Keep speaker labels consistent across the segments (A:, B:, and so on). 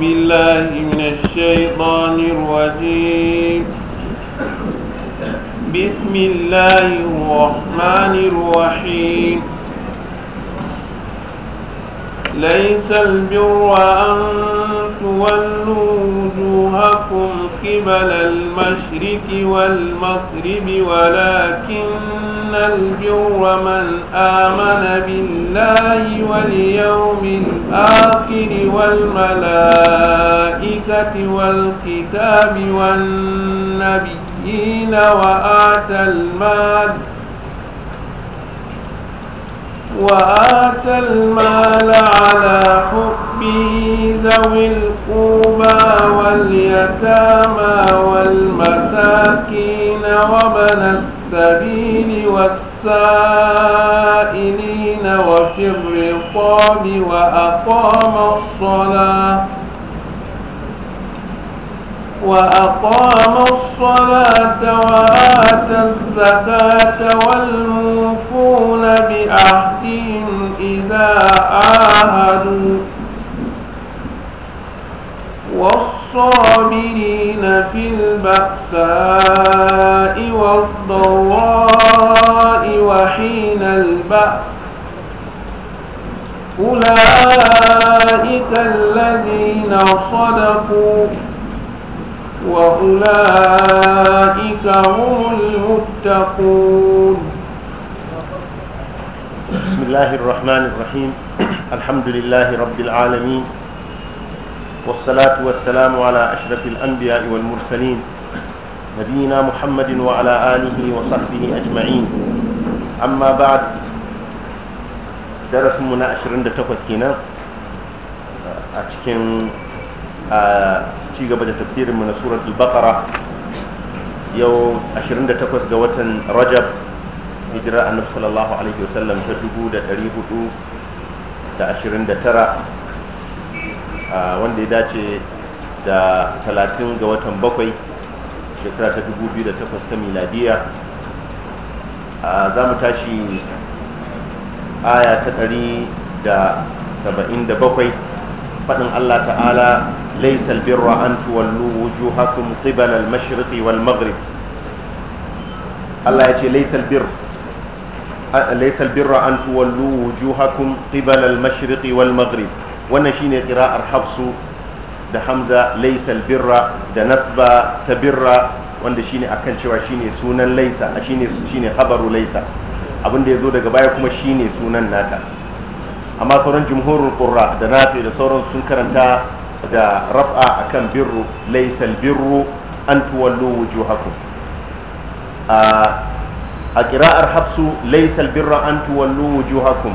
A: بالله من الشيطان الرجيم بسم الله الرحمن الرحيم ليس البر أن تولوا وجوهكم قبل المشرك والمغرب ولكن البر من آمن بالله واليوم الآخر والطين والملائكة والكتاب والنبيين وآتى المال وآتى المال على حبه ذوي القربى واليتامى والمساكين وابن السبيل والسبيل السائلين وفي الرقاب وأقام الصلاة وأقام الصلاة وآتى الزكاة والموفون بعهدهم إذا عاهدوا الصابرين في البأساء والضراء وحين البأس أولئك الذين صدقوا وأولئك هم المتقون
B: بسم الله الرحمن الرحيم الحمد لله رب العالمين والصلاة والسلام على أشرف الأنبياء والمرسلين نبينا محمد وعلى آله وصحبه أجمعين أما بعد درس من أشرين دتوكس كينا أتكن ci gaba da tafsirin mu na suratul baqara yau 28 ga watan rajab hijira annabi sallallahu alaihi wasallam ta 1429 wanda ya dace da 30 ga watan bakwai shekara ta 2008 ta miladiya za mu tashi aya ta 177 faɗin allah ta'ala laisal birra an tuwallu wujuhakum qibala al-mashriqi wal Allah ya ce laisal bir laisal birra an tuwallu wujuhakum qibala wal wannan shine qira'ar hafsu da hamza laisal birra da nasba ta birra wanda shine akan cewa shine sunan laisa shine shine khabaru laisa abinda yazo daga baya kuma shine sunan nata amma sauran jumhurul qurra da nafi da sauran sun karanta da raf'a akan birru laisal birru an tuwallu wujuhakum a qira'ar hafsu laisal birra an tuwallu wujuhakum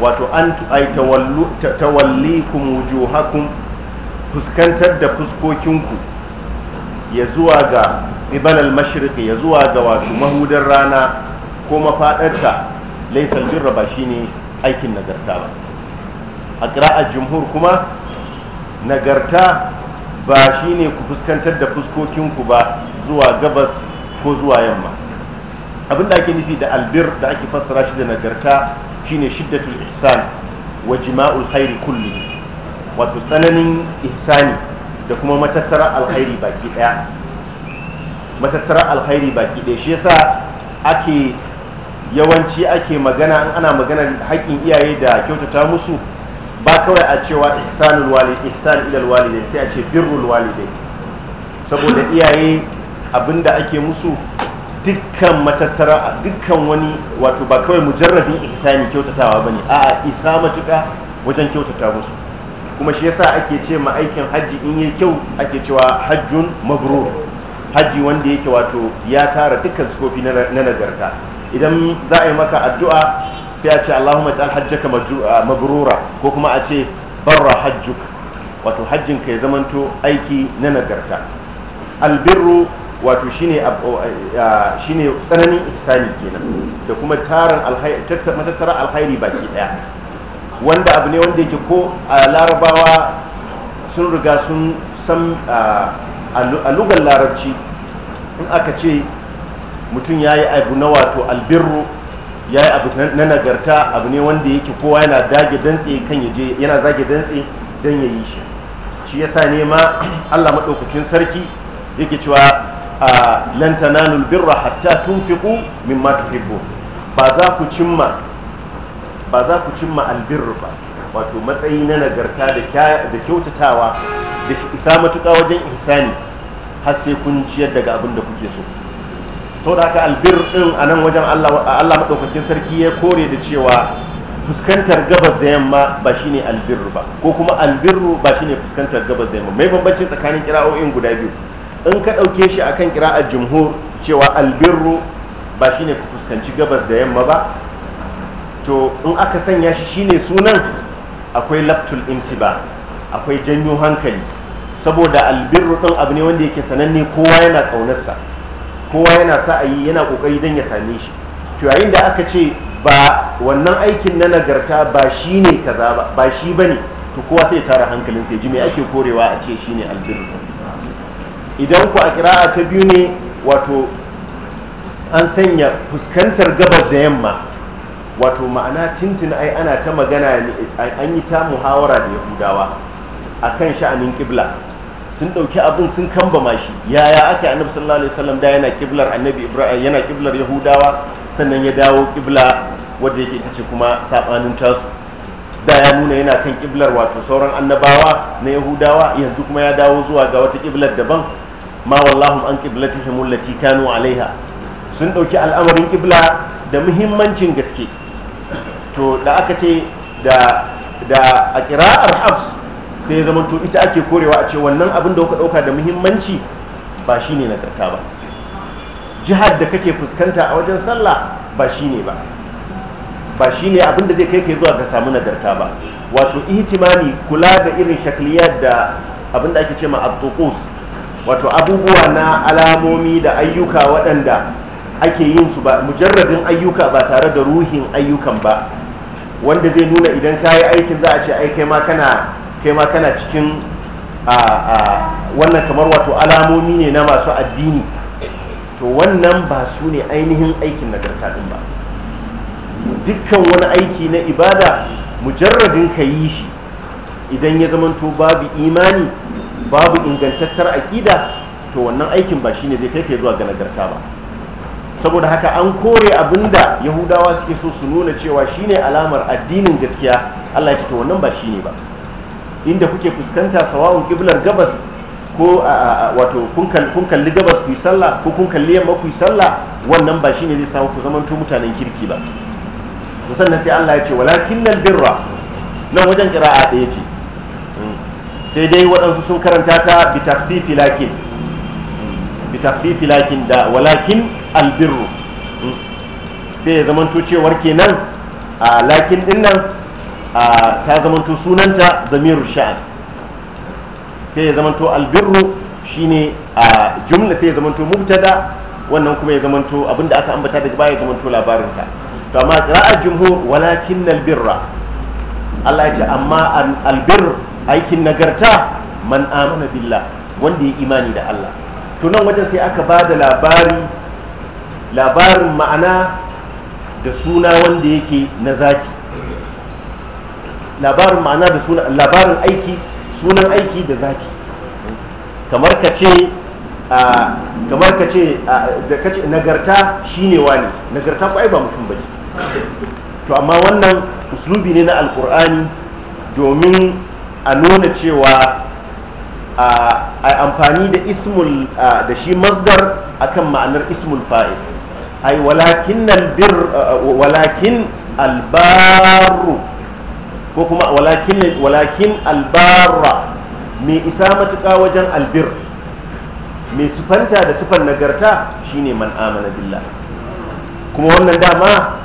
B: wato an ay tawallikum wujuhakum fuskantar da fuskokinku ya zuwa ga ibalal al ya zuwa ga wato mahudar rana ko mafadarta laysa birra ba shine aikin nagarta ba a qira'ar jumhur kuma nagarta ba shine ku fuskantar da fuskokinku ba zuwa gabas ko zuwa yamma abinda ake nufi da albir da ake fassara shi da nagarta shine shiddatul ihsan wa jima'ul khairi kulli wato tsananin ihsani da kuma matattara alkhairi baki daya matattara alkhairi baki daya shi yasa ake yawanci ake magana in ana magana haƙin iyaye da kyautata musu ba kawai a cewa ihsanul walid ihsan ila walidain sai a ce birrul walidain saboda iyaye abinda ake musu dukkan matattara dukkan wani wato ba kawai mujarradin ihsani kyautatawa ba bane a isa matuka wajen kyautata musu kuma shi yasa ake ce ma aikin hajji in yi kyau ake cewa hajjun mabrur hajji wanda yake wato ya tara dukkan sukofi na nagarta idan za a yi maka addu'a sai a ce Allahumma ta'al hajjaka mabrura ko kuma a ce barra hajjuk wato hajjin ka ya zamanto aiki na nagarta albirru wato shine shine tsananin ihsani kenan da kuma tarin alkhairi matattara alhairi baki daya wanda abu ne wanda yake ko a larabawa sun riga sun san a lugar larabci in aka ce mutum ya yi abu na wato albirru ya yi abu na nagarta abu ne wanda yake kowa yana dage dantse kan yaje yana zage dantse don ya yi shi shi yasa ne ma allah maɗaukakin sarki yake cewa lan tanalul birra hatta tunfiqu mimma tuhibbu ba za ku cimma ba za ku cimma albirru ba wato matsayi na nagarta da kyautatawa da isa matuƙa wajen ihsani har sai kun ciyar daga abin da kuke so to da haka albir din a nan wajen Allah maɗaukakin sarki ya kore da cewa fuskantar gabas da yamma ba shine albirru ba ko kuma albirru ba shine fuskantar gabas da yamma mai bambanci tsakanin kira'o'in guda biyu in ka ɗauke shi a akan kira jumhur cewa albirru ba shine ku fuskanci gabas da yamma ba to in aka sanya shi shine sunan akwai laftul intiba akwai janyo hankali saboda albirru ɗin abu ne wanda yake sananne kowa yana ƙaunarsa kowa yana sa a yi yana ƙoƙari don ya same shi to yayin da aka ce ba wannan aikin na nagarta ba shi ne kaza ba ba shi ba ne to kowa sai ya tara hankalin sai ji me ake korewa a ce shi ne albirru idan ku a kira'a ta biyu ne wato an sanya fuskantar gabas da yamma wato ma'ana tintin ai ana ta magana an yi ta muhawara da yahudawa a kan sha'anin ƙibla sun ɗauki abin sun kambama shi yaya aka yi annabi sallallahu alaihi wasallam da yana ƙiblar annabi ibrahim yana kiblar yahudawa sannan ya dawo ƙibla wadda yake ita ce kuma sabanin tasu da ya nuna yana kan ƙiblar wato sauran annabawa na yahudawa yanzu kuma ya dawo zuwa ga wata kiblar daban ma wallahu an qiblatihim allati kanu alaiha sun dauki al'amarin qibla da muhimmancin gaske to da aka ce da da a qira'ar hafs sai zama to ita ake korewa a ce wannan abin da kuka dauka da muhimmanci ba shine na karka ba jihar da kake fuskanta a wajen sallah ba shine ba ba shine abin da zai kai kai zuwa ga samu nagarta ba wato ihtimami kula da irin shakliyar da abin da ake ce ma abtuqus wato abubuwa na alamomi da ayyuka waɗanda ake yin su ba mujarradin ayyuka ba tare da ruhin ayyukan ba wanda zai nuna idan ka yi aikin za a ce ai kai ma kana cikin wannan kamar wato alamomi ne na masu addini to wannan ba su ne ainihin aikin na din ba dukkan wani aiki na ibada mujarradin ka yi shi idan ya zamanto babu imani babu ingantattar aƙida to wannan aikin ba shine zai kai ka zuwa ga nagarta ba saboda haka an kore abinda yahudawa suke so su nuna cewa shine alamar addinin gaskiya allah ya ce to wannan ba shine ba inda kuke fuskanta sawa'un kiblar gabas ko wato kun kalli gabas ku yi sallah ko kun kalli yamma ku yi sallah wannan ba shine zai samu ku zamanto mutanen kirki ba sannan sai allah ya ce walakin birra nan wajen kira'a daya ce sai dai waɗansu sun karanta ta bitafifi lakin da walakin albirru hmm. sai ya zamanto cewar kenan a lakin din nan ta zamanto sunanta zamiru sha'an sai ya zamanto albirru shine a jumla sai ya zamanto mubtada wannan kuma ya zamanto abinda aka ambata daga baya ya zamanto ta to amma ra'ar jumhur walakin albirra
C: Allah ya ce amma
B: albirru. aikin nagarta man amana billah wanda ya imani da Allah to nan wajen sai aka ba da labari labarin ma'ana da suna wanda yake na zati labarin ma'ana da suna labarin aiki sunan aiki da zati kamar ka ce kamar ka ce da ka ce nagarta shine wani nagarta ko ai ba mutum ba to amma wannan uslubi ne na alkur'ani domin a nuna cewa a amfani da ismul da shi masdar akan ma'anar ismul fa'il ai walakin albir walakin albaru ko kuma walakin walakin mai isa matuƙa wajen albir mai sufanta da sufan nagarta shine man amana billah kuma wannan dama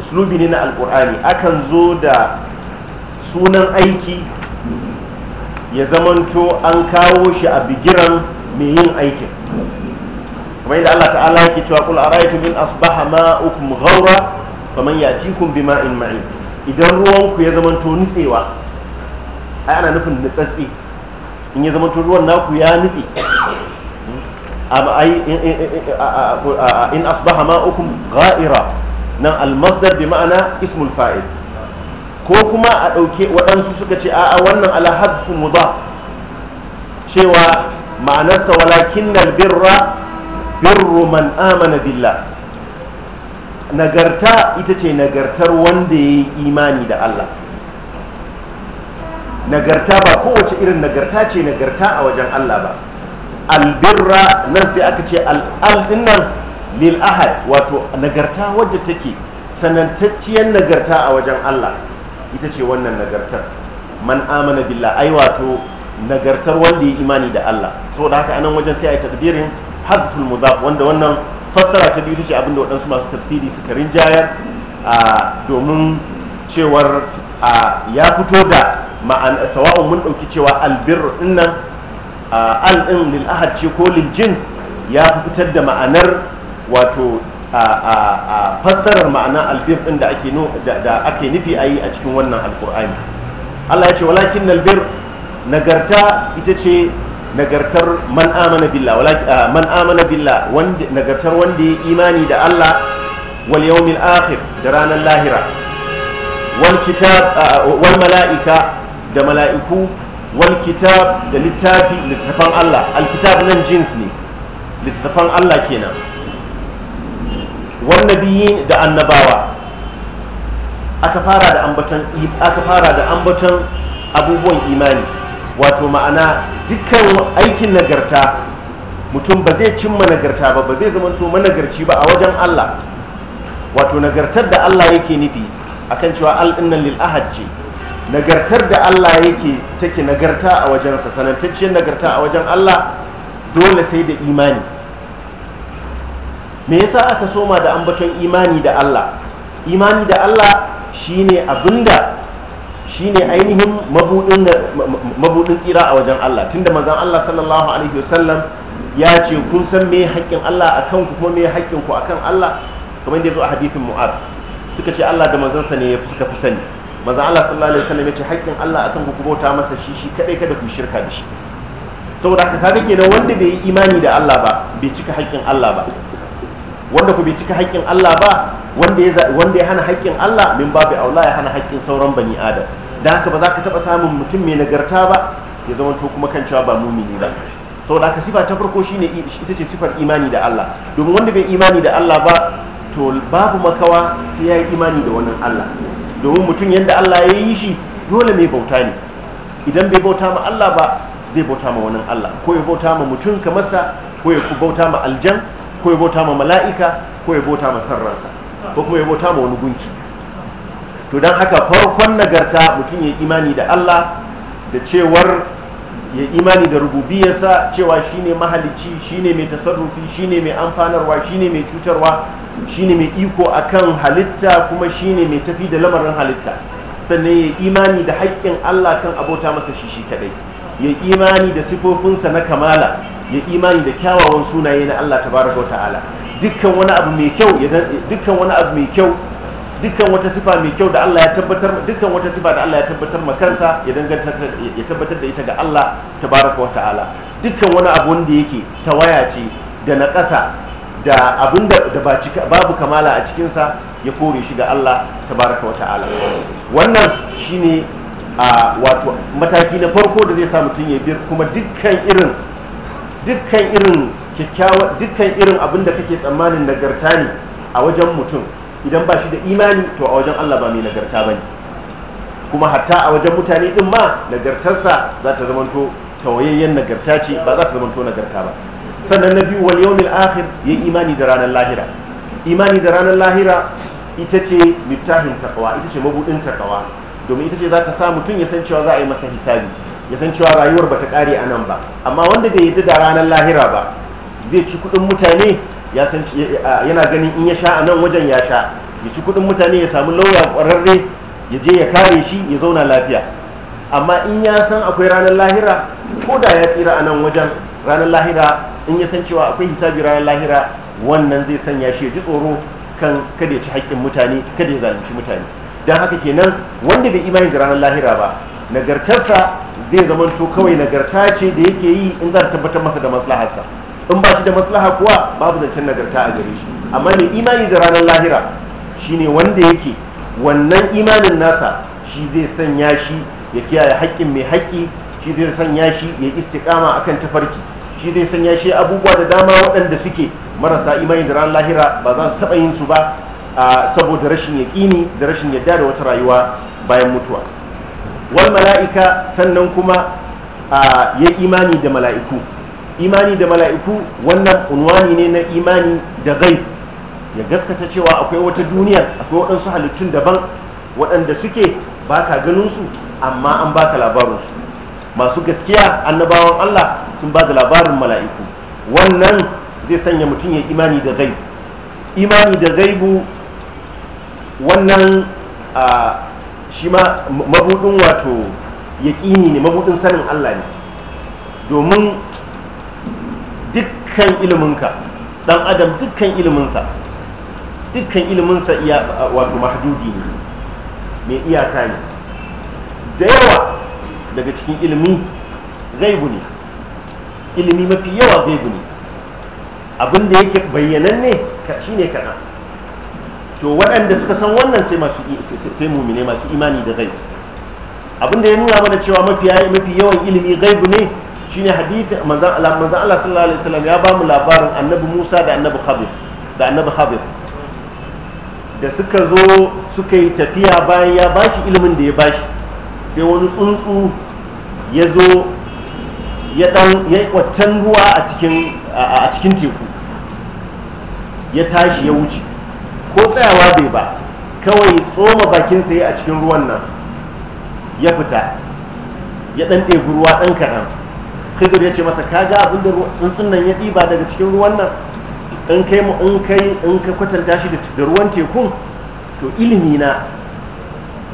B: uslubi ne na alkur'ani akan zo da sunan aiki ya zamanto an kawo shi a bigiran mai yin aikin kuma yadda Allah ta'ala yake cewa kula kul ara'aytum in asbaha ma'ukum ghawra faman ya'tikum bima'in ma'in idan ruwanku ya zamanto nutsewa ai ana nufin nutsatsi in ya zamanto ruwan naku ya nitse in asbaha ma'ukum ga'ira nan almasdar bi ma'ana ismul fa'il ko kuma a ɗauke waɗansu suka ce a'a wannan mu mudaf cewa ma'anarsa walakin birra birru man amana billah nagarta ita ce nagartar wanda ya yi imani da Allah nagarta ba kowace irin nagarta ce nagarta a wajen Allah ba albirra nan sai aka ce al'adun nan lil ahad wato nagarta wadda take sanantacciyar nagarta a wajen Allah ita ce wannan nagartar man amana billah ai wato nagartar wanda ya imani da Allah saboda haka anan wajen sai a yi takdirin hadful mudaf wanda wannan fassara ta biyu ce abinda waɗansu masu tafsiri suka rinjayar domin cewar ya fito da ma'ana sawa'un mun ɗauki cewa albir dinnan al ɗin lil ahad ce ko lil jins ya fitar da ma'anar wato a fassarar ma'ana albir ɗin da ake nufi a yi a cikin wannan alkur'ani Allah ya ce walakin nalbir nagarta ita ce nagartar man amana billah man amana billah nagartar wanda ya imani da Allah wal yawmin akhir da ranar lahira wal kitab wal mala'ika da mala'iku wal kitab da littafi littafan Allah alkitab nan jins ne littafan Allah kenan wannabiyin da annabawa aka fara da ambaton aka fara da ambaton abubuwan imani wato ma'ana dukkan aikin nagarta mutum ba zai cimma nagarta ba ba zai zama zamanto managarci ba a wajen Allah wato nagartar da Allah yake nufi akan cewa al'innan lil ahad ce nagartar da Allah yake take nagarta a wajensa sanantacciyar nagarta a wajen Allah dole sai da imani me yasa aka soma da ambaton imani da Allah imani da Allah shine abinda shine ainihin mabudin mabudin tsira a wajen Allah tunda manzon Allah sallallahu alaihi wasallam ya ce kun san me haƙƙin Allah akan ku kuma me haƙƙin ku akan Allah kamar da zo a hadisin Mu'ad suka ce Allah da manzon sa ne suka fi sani manzon Allah sallallahu alaihi wasallam ya ce haƙƙin Allah akan ku kubota masa shi shi kadai kada ku shirka da shi saboda haka kaga kenan wanda bai yi imani da Allah ba bai cika haƙƙin Allah ba wanda ku bai cika haƙƙin Allah ba wanda ya hana haƙƙin Allah min babu aula ya hana haƙƙin sauran bani adam da haka ba za ka taba samun mutum mai nagarta ba ya zama to kuma kan cewa ba mumini ba saboda haka sifa ta farko shine ita ce sifar imani da Allah domin wanda bai imani da Allah ba to babu makawa sai ya yi imani da wannan Allah domin mutum yadda Allah ya yi shi dole mai bauta ne idan bai bauta ma Allah ba zai bauta ma wannan Allah ko ya bauta ma mutum sa ko ya bauta ma aljan ko ya bauta ma mala'ika ko ya bauta ma sarransa ko kuma ya bauta ma wani gunki to don haka farkon nagarta mutum ya imani da Allah da cewar ya imani da rububiyarsa cewa shine mahalicci shine mai tasarrufi shine mai amfanarwa shine mai cutarwa shine mai iko akan halitta kuma shine mai tafi da lamarin halitta sannan ya imani da haƙƙin Allah kan abota masa shi shi kadai ya imani da sifofinsa na kamala ya imani da kyawawan sunaye na Allah tabaraka ta'ala dukkan wani abu mai kyau dukkan wani abu mai kyau dukkan wata sifa mai kyau da Allah ya tabbatar dukkan wata sifa da Allah ya tabbatar ma kansa ya danganta ya tabbatar da ita ga Allah tabaraka wa ta'ala dukkan wani abu wanda yake tawaya ce da na ƙasa da abin da ba babu kamala a cikin sa ya kore shi ga Allah tabaraka wa ta'ala wannan shine a wato mataki na farko da zai sa mutum ya bi kuma dukkan irin dukkan irin kyakkyawa dukkan irin abin da kake tsammanin nagarta ne a wajen mutum idan ba shi da imani to a wajen Allah ba mai nagarta ne. kuma hatta a wajen mutane din ma nagartarsa za ta zamanto tawayayyen nagarta ce ba za ta zamanto nagarta ba sannan na biyu wal yawmil akhir yayi imani da ranar lahira imani da ranar lahira ita ce miftahin taqwa ita ce mabudin taqwa domin ita ce za ta sa mutum ya san cewa za a yi masa hisabi ya san cewa rayuwar bata kare a nan ba amma wanda bai yadda da ranar lahira ba zai ci kudin mutane yana ganin in ya sha a nan wajen ya sha ya ci kudin mutane ya samu lauya kwararre ya je ya kare shi ya zauna lafiya amma in ya san akwai ranar lahira ko da ya tsira a nan wajen ranar lahira in ya san cewa akwai hisabi ranar lahira wannan zai sanya shi ya ji tsoro kan kada ya ci haƙƙin mutane kada ya zalunci mutane don haka kenan wanda bai imani da ranar lahira ba nagartarsa zai zamanto kawai nagarta ce da yake yi in za ta tabbatar masa da maslaharsa in ba shi da maslaha kuwa babu zancen nagarta a gare shi amma mai imani da ranar lahira shine wanda yake wannan imanin nasa shi zai sanya shi ya kiyaye haƙƙin mai haƙƙi shi zai sanya shi ya istiƙama akan tafarki shi zai sanya shi abubuwa da dama waɗanda suke marasa imani da ranar lahira ba za su taɓa yin su ba saboda rashin yaƙini da rashin yadda da wata rayuwa bayan mutuwa wal mala'ika sannan kuma a ya imani da mala'iku imani da mala'iku wannan unwani ne na imani da gai ya gaskata cewa akwai wata duniya akwai waɗansu halittun daban waɗanda suke baka ganinsu amma an ba baka labarinsu masu gaskiya annabawan allah sun ba da labarin mala'iku wannan zai sanya mutum ya imani da gai imani da gaibu wannan shi ma mabudin wato yaƙini ne mabudin sanin Allah ne domin dukkan iliminka dan adam dukkan iliminsa dukkan iliminsa iya wato mahdudi ne mai iyaka ne da yawa daga cikin ilimi gaibu ne ilimi mafi yawa gaibu ne abinda yake bayyananne ne kaɗan to waɗanda suka san wannan sai masu sai ne masu imani da gaibi abin da ya nuna mana cewa mafi yawan ilimi gaibu ne shine hadith manzon Allah manzon Allah sallallahu alaihi wasallam ya ba mu labarin annabi Musa da annabi Khadir da annabi Khadir da suka zo suka yi tafiya bayan ya bashi ilimin da ya ba shi sai wani tsuntsu ya zo ya dan ya kwatan ruwa a cikin a cikin teku ya tashi ya wuce ko tsayawa bai ba kawai tsoma bakinsa ya a cikin ruwan nan ya fita ya dan ɗebi ruwa ɗan kaɗan khidir ya ce masa ka ga abin da tsuntsun nan ya ɗiba daga cikin ruwan nan in kai mu in kai in ka kwatanta shi da ruwan tekun to ilimi na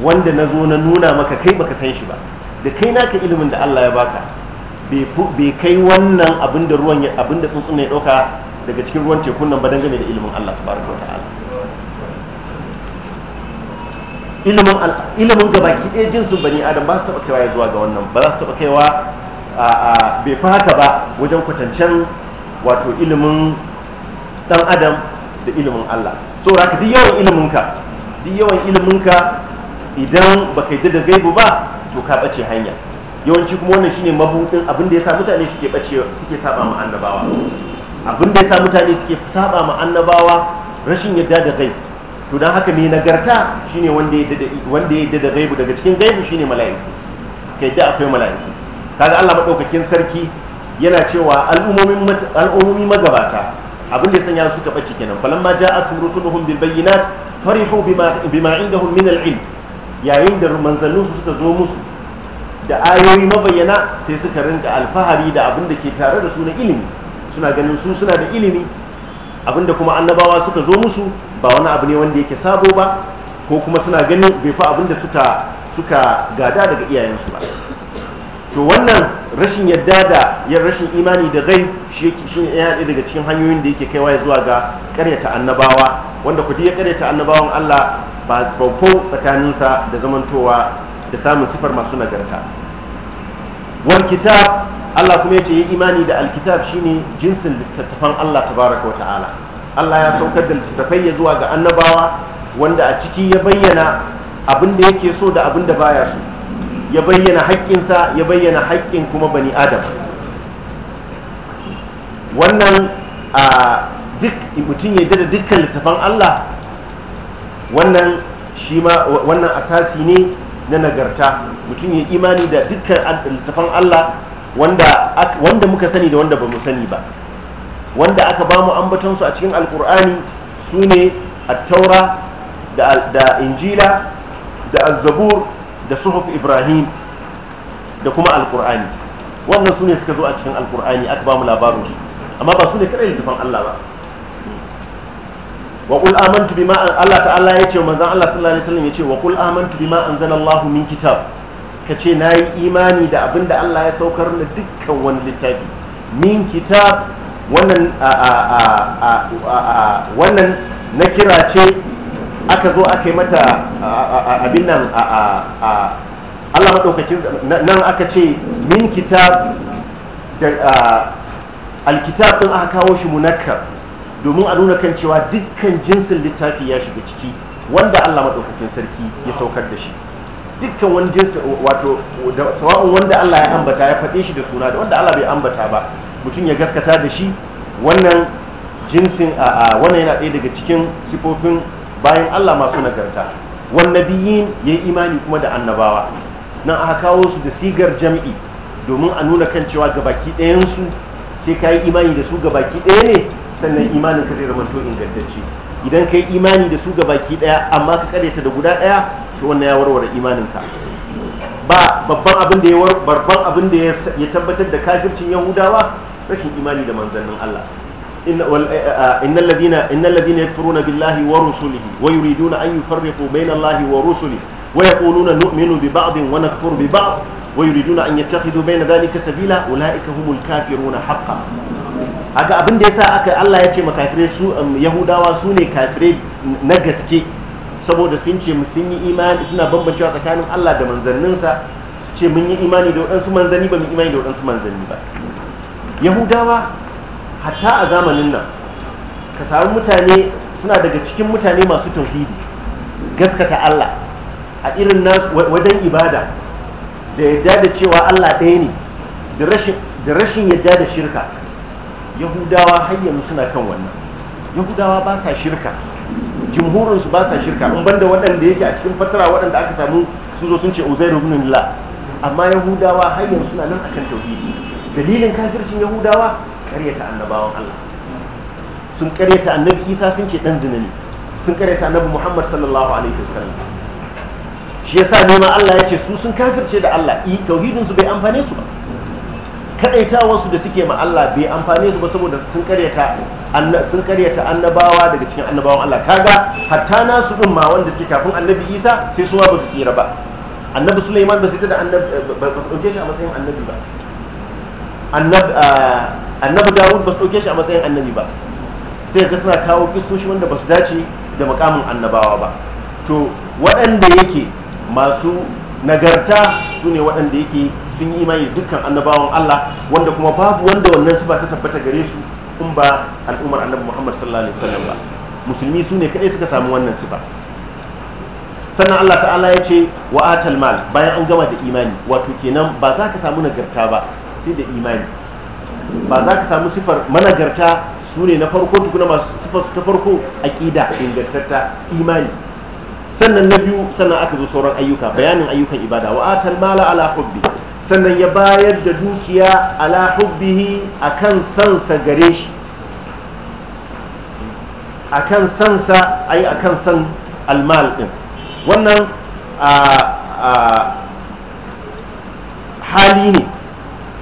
B: wanda na zo na nuna maka kai baka san shi ba da kai naka ilimin da Allah ya baka bai kai wannan abin da ruwan abin da tsuntsun ya ɗauka daga cikin ruwan tekun nan ba dangane da ilimin Allah tabaraka wa ta'ala ilimin gaba gabaki ɗaya jinsin bani adam ba su taɓa kaiwa zuwa ga wannan ba za su taɓa kaiwa bai fi haka ba wajen kwatancen wato ilimin ɗan adam da ilimin allah so raka duk yawan iliminka duk yawan iliminka idan ba ka yi da gaibu ba to ka ɓace hanya yawanci kuma wannan shine mabuɗin abin da ya sa mutane suke ɓace suke saba ma annabawa abin da ya sa mutane suke saba ma rashin yadda da gaibu to don haka mai nagarta shine wanda ya dada gaibu daga cikin gaibu shine mala'iku kai da akwai mala'iku kaga Allah madaukakin sarki yana cewa al'ummomi magabata abin da sanya suka bace kenan falamma ja'atuhum rusuluhum bil bayyinat farihu bima bima indahum min al ilm yayin da manzannin suka zo musu da ayoyi mabayyana sai suka rinka alfahari da abin da ke tare da su na ilimi suna ganin su suna da ilimi abinda kuma annabawa suka zo musu ba wani abu ne wanda yake sabo ba ko kuma suna ganin bai fi abinda suka suka gada daga iyayensu ba to wannan rashin yadda da yin rashin imani da gai shi ya ɗaya daga cikin hanyoyin da yake kaiwa zuwa ga karyata annabawa wanda kudi ya karyata annabawan Allah ba babban tsakaninsa da zamantowa da samun sifar masu nagarta wal kitab Allah kuma yace yi imani da alkitab shine jinsin littattafan Allah tabaraka wa ta'ala Allah ya saukar da littattafai ya zuwa ga annabawa wanda a ciki ya bayyana abin da yake so da abin da baya so ya bayyana haƙƙinsa ya bayyana haƙƙin kuma bani adam wannan a duk mutum ya da dukkan littattafan Allah wannan shi ma wannan asasi ne na nagarta mutum ya imani da dukkan littafan Allah wanda muka sani da wanda ba mu sani ba wanda aka ba mu ambatonsu a cikin alkur'ani su ne attaura da injila da azzabur da suhuf ibrahim da kuma alkur'ani wannan su ne suka zo a cikin alkur'ani aka ba mu su. amma ba su ne kadai littafan Allah ba wa qul amantu bima Allah ta'ala ya ce manzon Allah sallallahu alaihi wasallam ya ce wa qul amantu bima anzalallahu min kitab kace nayi imani da abinda Allah ya saukar na dukkan wani littafi min kitab wannan wannan na kira ce aka zo aka yi mata abin nan Allah maɗaukakin nan aka ce min kitab da alkitab ɗin aka kawo shi munakkar domin a nuna kan cewa dukkan jinsin littafi ya shiga ciki wanda Allah maɗaukakin sarki ya saukar da shi dukkan wani jinsin wato sawa'un wanda Allah ya ambata ya faɗe shi da suna da wanda Allah bai ambata ba mutum ya gaskata da shi wannan jinsin a wannan yana ɗaya daga cikin sifofin bayan Allah masu nagarta wannabiyin ya yi imani kuma da annabawa nan aka kawo su da sigar jam'i domin a nuna kan cewa gabaki ɗayansu sai ka yi imani da su gabaki ɗaya ne sannan imanin ka zai zama to ingantacce idan ka yi imani da su ga baki daya amma ka karyata da guda daya to wannan ya warware imanin ka ba babban abin da ya babban abin da ya tabbatar da kafircin yahudawa rashin imani da manzannin Allah inna إن الذين إن الذين يكفرون بالله ورسله ويريدون أن wa بين الله ورسله ويقولون نؤمن ببعض ونكفر ببعض ويريدون أن يتخذوا بين ذلك سبيلا أولئك هم الكافرون حقا haka abin da yasa aka Allah ya ce ma kafirai su yahudawa su ne kafirai na gaske saboda sun ce sun yi imani suna bambancewa tsakanin Allah da manzanninsa su ce mun yi imani da waɗansu manzanni ba mun imani da waɗansu manzanni ba yahudawa hatta a zamanin nan ka samu mutane suna daga cikin mutane masu tauhidi gaskata Allah a irin nasu wajen ibada da yadda da cewa Allah ɗaya ne da rashin yadda da shirka yahudawa hanyar suna kan wannan yahudawa ba sa shirka jimhurinsu ba sa shirka in banda waɗanda yake a cikin fatara waɗanda aka samu su zo sun ce uzairu ibn la amma yahudawa hanyar suna nan akan tauhidi dalilin kafircin yahudawa karyata annabawan Allah sun karyata annabi Isa sun ce dan zinani sun karyata annabi Muhammad sallallahu alaihi wasallam shi yasa neman Allah ya ce su sun kafirce da Allah yi tauhidin su bai amfane su ba kadaitawar su da suke ma Allah bai amfane su ba saboda sun karyata sun karyata annabawa daga cikin annabawan Allah kaga hatta nasu din ma wanda suke kafin annabi Isa sai su ba su tsira ba annabi Sulaiman ba su da annabi ba su dauke shi a matsayin annabi ba annabi Dawud ba su dauke shi a matsayin annabi ba sai ga suna kawo kisoshi wanda ba su dace da makamin annabawa ba to waɗanda yake masu nagarta su ne waɗanda yake sun yi imani dukkan annabawan Allah wanda kuma babu wanda wannan sifa ta tabbata gare su in ba al'ummar annabi Muhammad sallallahu alaihi wasallam ba musulmi su ne kadai suka samu wannan sifa sannan Allah ta'ala ya ce wa atal mal bayan an gama da imani wato kenan ba za ka samu nagarta ba sai da imani ba za ka samu sifar managarta su ne na farko tukuna masu sifar su ta farko aqida ingantatta imani sannan na biyu sannan aka zo sauran ayyuka bayanin ayyukan ibada wa atal mala ala hubbi sannan ya bayar da dukiya ala hubbihi akan sansa gare shi akan sansa ay akan san almal din wannan hali ne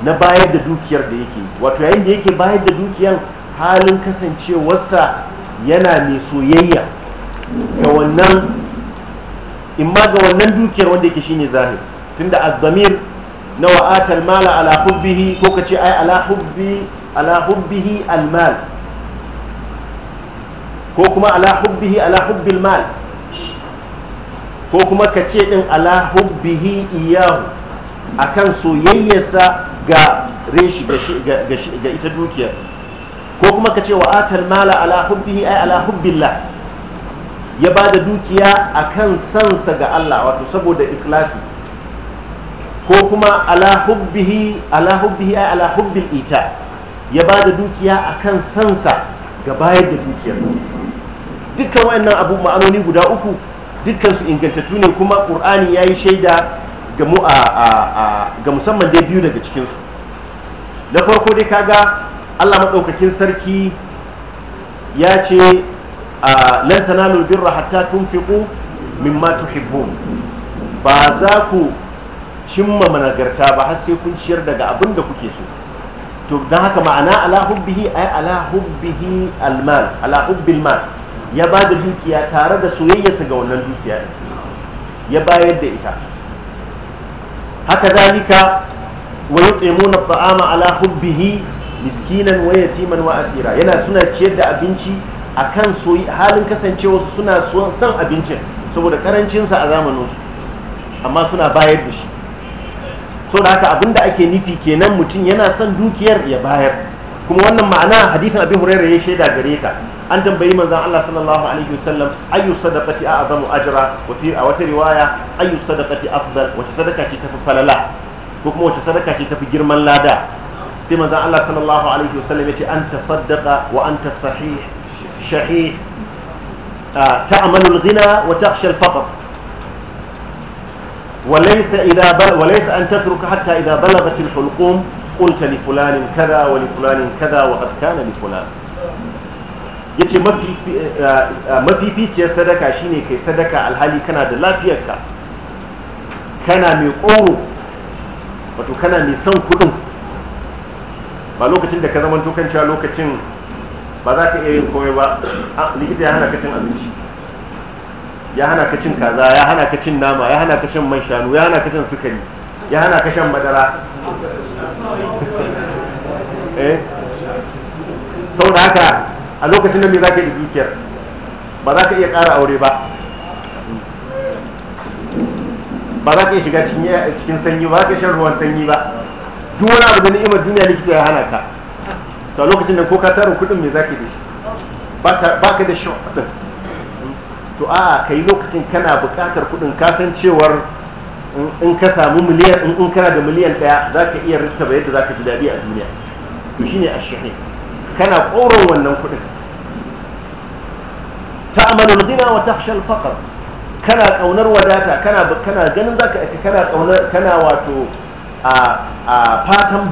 B: na bayar da dukiyar da yake wato yayin da yake bayar da dukiyan halin kasancewarsa yana mai soyayya ga wannan in ma ga wannan dukiyar wanda yake shine zahir tunda az-zamir na wa'atal mala ala hubbihi ko kace ai ala hubbi ala hubbihi al-mal ko kuma ala hubbihi ala hubbil mal ko kuma kace din ala hubbihi iyahu akan soyayyarsa ga reshi ga ga ita dukiyar ko kuma kace wa'atal mala ala hubbihi ai ala hubbillah ya ba da dukiya a kan sansa ga Allah wato saboda ikilasi ko kuma alahubbihi alahubbil ita ya ba da dukiya a kan sansa ga bayar da dukiyar dukkan wayannan abu ma'anoni guda uku dukkan su ingantattu ne kuma ya yayi shaida ga musamman dai biyu daga cikinsu na farko dai kaga Allah maɗaukakin sarki ya ce lan tanalu birra hatta tunfiqu mimma tuhibbun ba za ku cimma managarta ba har sai kun ciyar daga abin da kuke so to dan haka ma'ana ala hubbihi ay ala hubbihi almal ala hubbil mal ya ba da dukiya tare da soyayyarsa ga wannan dukiya ya bayar da ita haka zalika wa yutimuna ala hubbihi miskinan wa yatiman wa asira yana suna ciyar da abinci akan soyi halin kasancewa suna son abincin saboda karancinsa a zamaninsu amma suna bayar da shi so da haka abinda ake nufi kenan mutum yana son dukiyar ya bayar kuma wannan ma'ana hadisin abin hurairah ya shaida gare ta an tambayi manzan Allah sallallahu alaihi wasallam ayu sadaqati a'zamu ajra wa fi a wata riwaya ayu sadaqati afdal wace sadaka ce tafi falala ko kuma wace sadaka ce tafi girman lada sai manzan Allah sallallahu alaihi wasallam ya ce an tasaddaqa wa anta sahih shahi ta'mal al-ghina wa takhsha al-faqr وليس إذا بل وليس أن تترك حتى إذا بلغت الحلقوم قلت لفلان كذا ولفلان كذا وقد كان لفلان yace mafificiyar sadaka shine kai sadaka alhali kana da lafiyarka kana mai koro wato kana mai son kuɗin ba lokacin da ka zama lokacin ba za ka iya yin komai ba ah, likita ya hana ka cin abinci ya hana ka cin kaza ya hana ka cin nama ya hana ka shan man shanu ya hana ka shan sukari ya hana ka shan madara
C: eh
B: sau da haka a lokacin da me za ka yi dukiyar ba za ka iya kara aure ba ba za ka iya shiga cikin sanyi ba za ka shan ruwan sanyi ba duk wani abu da ni'imar duniya likita ya hana ka to lokacin da ko ka tarin kuɗin me zaki da shi ba ka da shi kuɗin to a ka yi lokacin kana buƙatar kuɗin cewar in ka samu miliyan in kana da miliyan ɗaya za ka iya rittaba yadda za ka ji daɗi a duniya to shi ne a shahi kana ƙoron wannan kuɗin ta amalul gina wa tahshal faqr kana ƙaunar wadata kana ganin zaka kana ƙaunar kana wato a fatan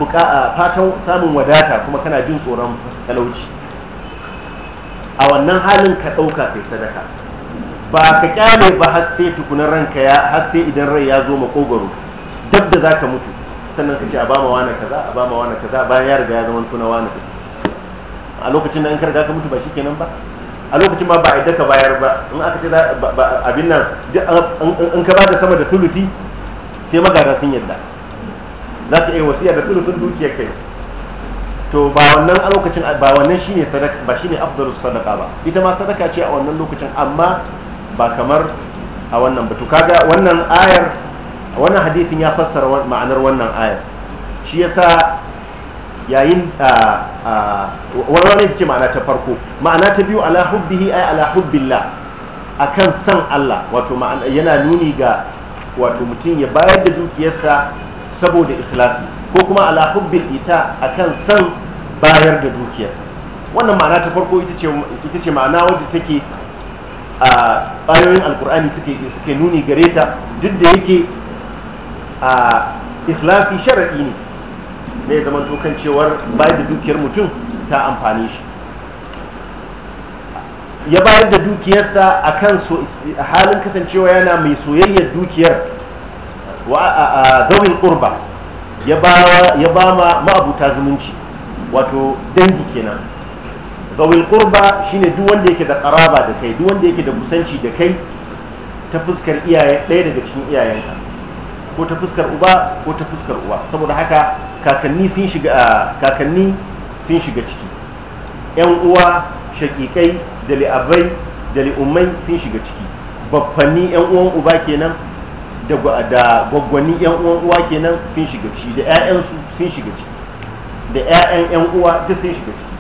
B: fatan samun wadata kuma kana jin tsoron talauci a wannan halin ka ɗauka kai sadaka ba ka kyale ba har sai tukunan ranka ya har sai idan rai ya zo makogaro dab da za ka mutu sannan ka ce a bama wani kaza a bama wani kaza bayan ya riga ya zama tuna wani a lokacin da an karga ka mutu ba shi kenan ba a lokacin ma ba a idan ka bayar ba in aka ce abin nan in ka ba da sama da tuluti sai magada sun yadda za ka iya wasiya da thuluthun dukiyar kai to ba wannan a lokacin ba wannan shine sadaka ba shine afdalus sadaka ba ita ma sadaka ce a wannan lokacin amma ba kamar a wannan ba to kaga wannan ayar wannan hadisin ya fassara ma'anar wannan ayar shi yasa yayin wannan ce ma'ana ta farko ma'ana ta biyu ala hubbihi ay ala hubbillah akan san Allah wato ma'ana yana nuni ga wato mutum ya bayar da dukiyarsa saboda ikhlasi ko kuma ala hubbil ita akan san bayar da dukiya wannan ma'ana ta farko ita ce ma'ana wadda take a bayoyin alkur'ani suke suke nuni gare ta duk da yake a ikhlasi shara'i ne ne ya zamanto cewar bayar da dukiyar mutum ta amfani shi ya bayar da dukiyarsa a kan halin kasancewa yana mai soyayyar dukiyar wa ƙurba ya ba ma ma'abuta zumunci wato dangi kenan zawil ƙurba shine duk wanda yake da ƙaraba da kai duk wanda yake da kusanci da kai ta fuskar iyaye ɗaya daga cikin iyayenka ko ta fuskar uba ko ta fuskar uwa saboda haka kakanni sun shiga ciki yan uwa shaƙiƙai da li'abai da li'ummai sun shiga ciki baffanni yan uwan uba kenan da gwaggwani yan uwa kenan sun shiga ciki da 'ya'yansu sun shiga ciki da 'ya'yan yan uwa duk sun shiga ciki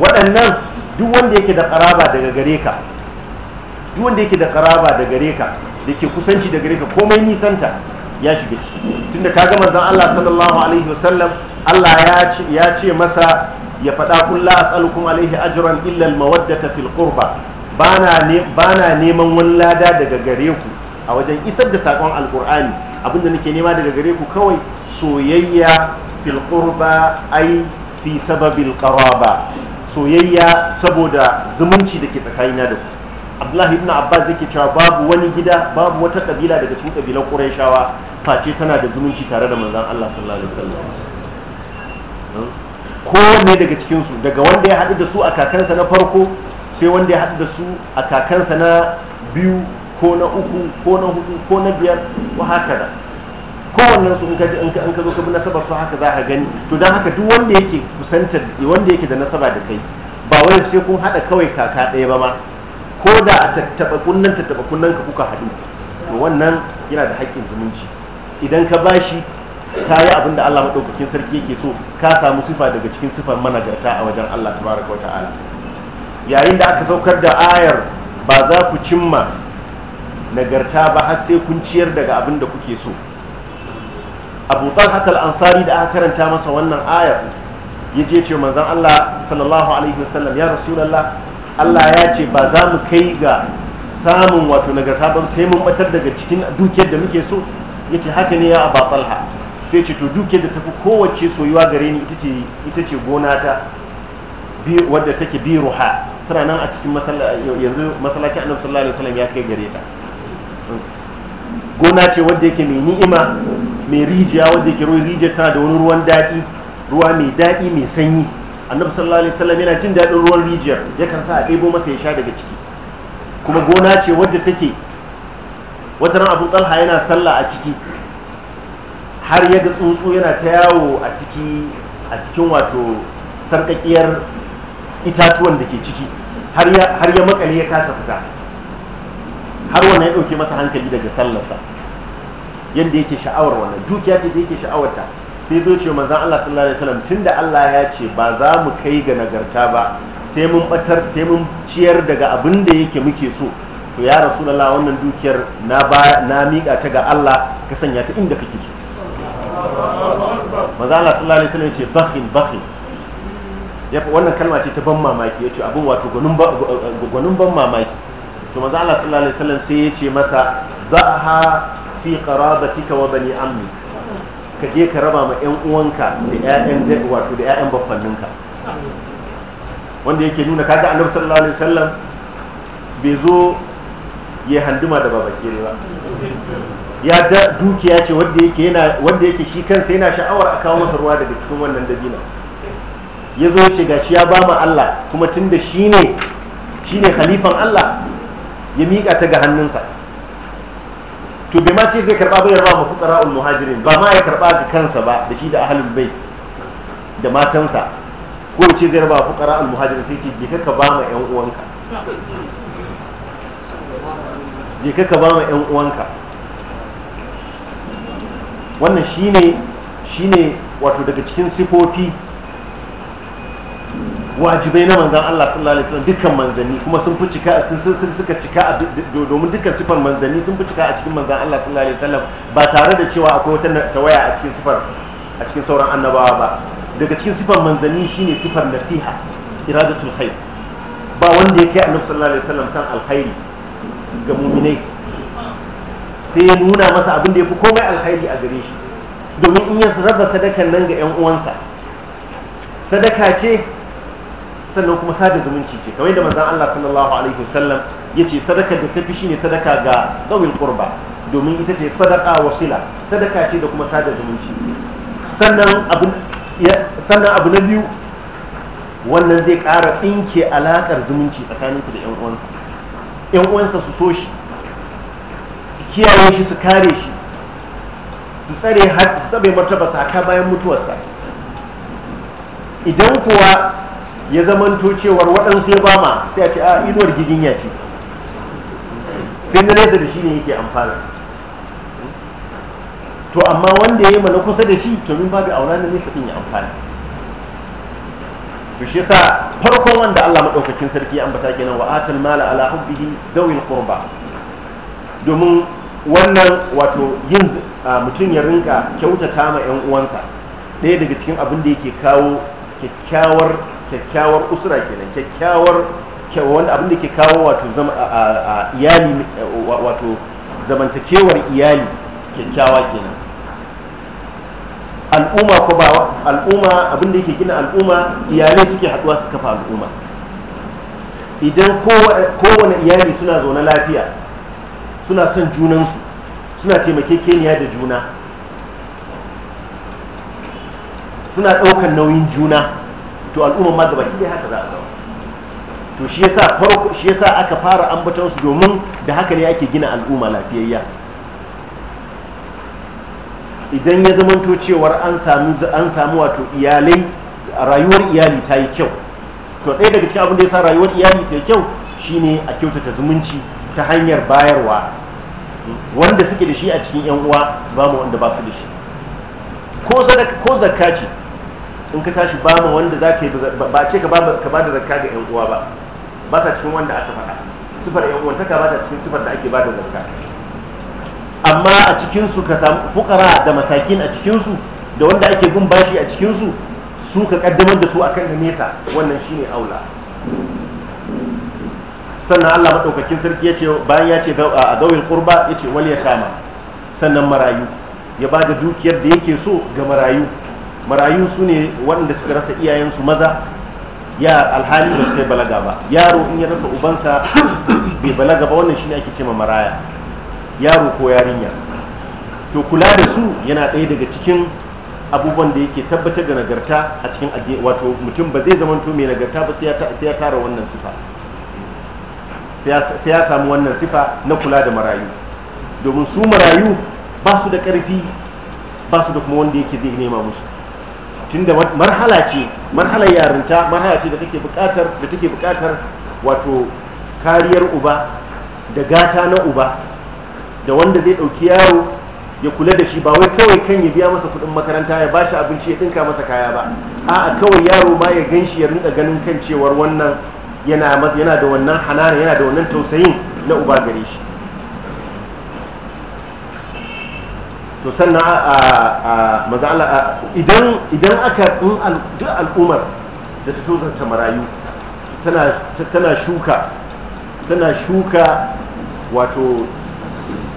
B: waɗannan duk wanda yake da karaba daga gare ka duk wanda yake da karaba daga gare ka da ke kusanci daga gare ka komai nisanta ya shiga ciki tunda kaga zan Allah sallallahu alaihi wasallam Allah ya ce ya ce masa ya faɗa kun la as'alukum alaihi ajran illa al ta fil qurba bana ne bana neman wani lada daga gare ku a wajen isar da sakon alkur'ani abinda nake nema daga gare ku kawai soyayya fil qurba ai fi sababil qaraba soyayya saboda zumunci da ke tsakanina da ku abdullahi ibn abbas yake cewa babu wani gida babu wata kabila daga cikin kabilan qurayshawa face tana da zumunci tare da manzon Allah sallallahu alaihi wasallam ne daga cikin su daga wanda ya haɗu da su a kakansa na farko sai wanda ya haɗu da su a kakansa na biyu ko na uku ko na hudu ko na biyar ko haka da kowannen su ka in ka zo ka bi nasabar su haka za ka gani to don haka duk wanda yake kusantar wanda yake da nasaba da kai ba wai sai kun hada kawai kaka ɗaya ba ma ko da a tattaɓa kunnan tattaba kunnan ka kuka haɗu to wannan yana da haƙƙin zumunci idan ka bashi ka yi abin da Allah maɗaukakin sarki yake so ka samu sifa daga cikin sifar managarta a wajen Allah tabaraka wa ta'ala yayin da aka saukar da ayar ba za ku cimma nagarta ba har sai kun ciyar daga abin da kuke so abu talhatal ansari da aka karanta masa wannan ayar ya je ce manzan allah sallallahu alaihi wasallam ya rasulallah
A: allah ya ce ba
B: za mu kai ga samun wato nagarta ba sai mun batar daga cikin dukiyar da muke so ya ce haka ne ya abu talha sai ce to dukiyar da ta fi kowace soyuwa gare ni ita ce gona ta wadda take ruha tana nan a cikin yanzu masallacin annabi sallallahu alaihi wasallam ya kai gare ta gona ce wadda yake mai ni'ima mai rijiya wadda yake ruwan rijiya tana da wani ruwan daɗi ruwa mai daɗi mai sanyi annabi sallallahu alaihi wasallam yana jin daɗin ruwan rijiyar kan sa a ɗebo masa ya sha daga ciki kuma gona ce wadda take wata ran abu talha yana sallah a ciki har ya ga tsuntsu yana ta yawo a ciki a cikin wato sarkakiyar itatuwan da ke ciki har ya makale ya kasa fita har wannan ya ɗauke masa hankali daga sallarsa yadda yake sha'awar wannan dukiya ce da yake sha'awarta sai zo ce manzon Allah sallallahu alaihi wasallam tunda Allah ya ce ba za mu kai ga nagarta ba sai mun batar sai mun ciyar daga abin da yake muke so to ya rasulullah wannan dukiyar na ba na miƙa ta ga Allah ka sanya ta inda kake so manzon Allah sallallahu alaihi wasallam ya ce ya wannan kalma ce ta ban mamaki ya abin wato gwanin ban mamaki to manzo Allah sallallahu alaihi wasallam sai ya ce masa zaha fi qarabatika wa bani ammi ka je ka raba ma yan uwanka da ƴaƴan wato da ƴaƴan baffanninka wanda yake nuna kaga annabi sallallahu alaihi wasallam bai zo ya handuma da babakire ba ya da dukiya ce wanda yake yana wanda yake shi kansa yana sha'awar a kawo masa ruwa daga cikin wannan dabina ya zo ce gashi ya ba mu Allah kuma tunda shine shine khalifan Allah ya miƙa ta ga hannunsa to bai ma ce zai karɓa bai yarba ma fuqara ul muhajirin ba ma ya karɓa ga kansa ba da shi da ahlul bait da matansa ko ce zai yarba fuqara ul muhajirin sai ce je ka ba ma yan uwanka je ka ba ma yan uwanka wannan shine shine wato daga cikin sifofi wajibai na manzan Allah sallallahu alaihi wasallam dukkan manzanni kuma sun fi cika sun suka cika domin dukkan sifar manzanni sun fi cika a cikin manzan Allah sallallahu alaihi wasallam ba tare da cewa akwai wata tawaya a cikin sifar a cikin sauran annabawa ba daga cikin sifar manzanni shine sifar nasiha iradatul khair ba wanda ya kai annabi sallallahu alaihi wasallam san alkhairi ga mu'minai sai ya nuna masa abin da ya fi komai alkhairi a gare shi domin in ya raba sadakan nan ga 'yan uwansa sadaka ce sannan kuma sada zumunci ce kamar yadda manzon Allah sallallahu alaihi wasallam yace sadaka da ta tafi shine sadaka ga dawil qurba domin ita ce sadaka wasila sadaka ce da kuma sada zumunci sannan abu na biyu wannan zai ƙara ɗinke alaƙar zumunci tsakaninsa da 'yan uwansa 'yan uwansa su so shi su kiyaye shi su kare shi su tsare har su tsabe martaba ka bayan mutuwarsa idan kuwa ya zamanto cewar waɗansu ya ba ma sai a ce a ah, inuwar giginya ce sai na nesa da shi ne yake amfana to amma wanda ya yi mana kusa da shi to min da auna na nesa ɗin ya amfana to shi yasa farko wanda Allah maɗaukakin sarki ya ambata kenan wa atal mala ala hubbihi dawil qurba domin wannan wato yin mutum ya rinka kyautata ma 'yan uwansa ɗaya daga cikin abin da yake kawo kyakkyawar kyakkyawar usra kenan kyakkyawar wanda abin da ke kawo wato iyali wato zamantakewar iyali kyakkyawa kenan al'umma ko ba al'umma abin da yake gina al'umma iyalai suke haduwa su kafa al'umma idan kowane iyali suna zaune lafiya suna son junansu suna taimakekeniya da juna suna ɗaukar nauyin juna to al'umma ma gaba dai haka za a zama to shi yasa farko shi yasa aka fara ambatar su domin da haka ne ake gina al'umma lafiyayya idan ya zamanto cewar an samu an samu wato iyalai rayuwar iyali ta yi kyau to ɗaya daga cikin abin da yasa rayuwar iyali ta yi kyau shine a kyautata zumunci ta hanyar bayarwa wanda suke da shi a cikin yan uwa su ba mu wanda ba su da shi ko zakka ce in ka tashi ba ma wanda za ka yi ba ce ka ba da zakka ga yan uwa ba ba sa cikin wanda aka faɗa sifar yan uwan taka ba ta cikin sifar da ake ba da zakka amma a cikinsu ka samu fukara da masakin a cikinsu da wanda ake gun bashi a cikinsu su ka kaddamar da su akan da nesa wannan shine aula sannan Allah madaukakin sarki ya ce bayan ya ce a gawil kurba ya ce wal kama sannan marayu ya ba da dukiyar da yake so ga marayu marayu su ne wanda suka rasa iyayensu maza ya alhali ba su kai balaga ba yaro in ya rasa ubansa bai balaga ba wannan shine ake ce ma maraya yaro ko yarinya to kula da su yana ɗaya daga cikin abubuwan da yake tabbatar da nagarta a cikin wato mutum ba zai zamanto mai nagarta ba sai ya tara wannan sifa sai ya samu wannan sifa na kula da marayu domin su marayu ba su da ƙarfi ba su da kuma wanda yake zai nema musu tunda marhala ce marhalar yarinta marhala ce da take bukatar da take bukatar wato kariyar uba da gata na uba da wanda zai dauki yaro ya kula da shi ba wai kawai kan ya biya masa kudin makaranta ya bashi abinci ya dinka masa kaya ba a a kawai yaro ma ya ganshi ya rinka ganin kan cewar wannan yana yana da wannan hanana yana da wannan tausayin na uba gare shi to sannan a maza'ala idan idan aka duk al'ummar da ta tozarta marayu tana shuka tana shuka wato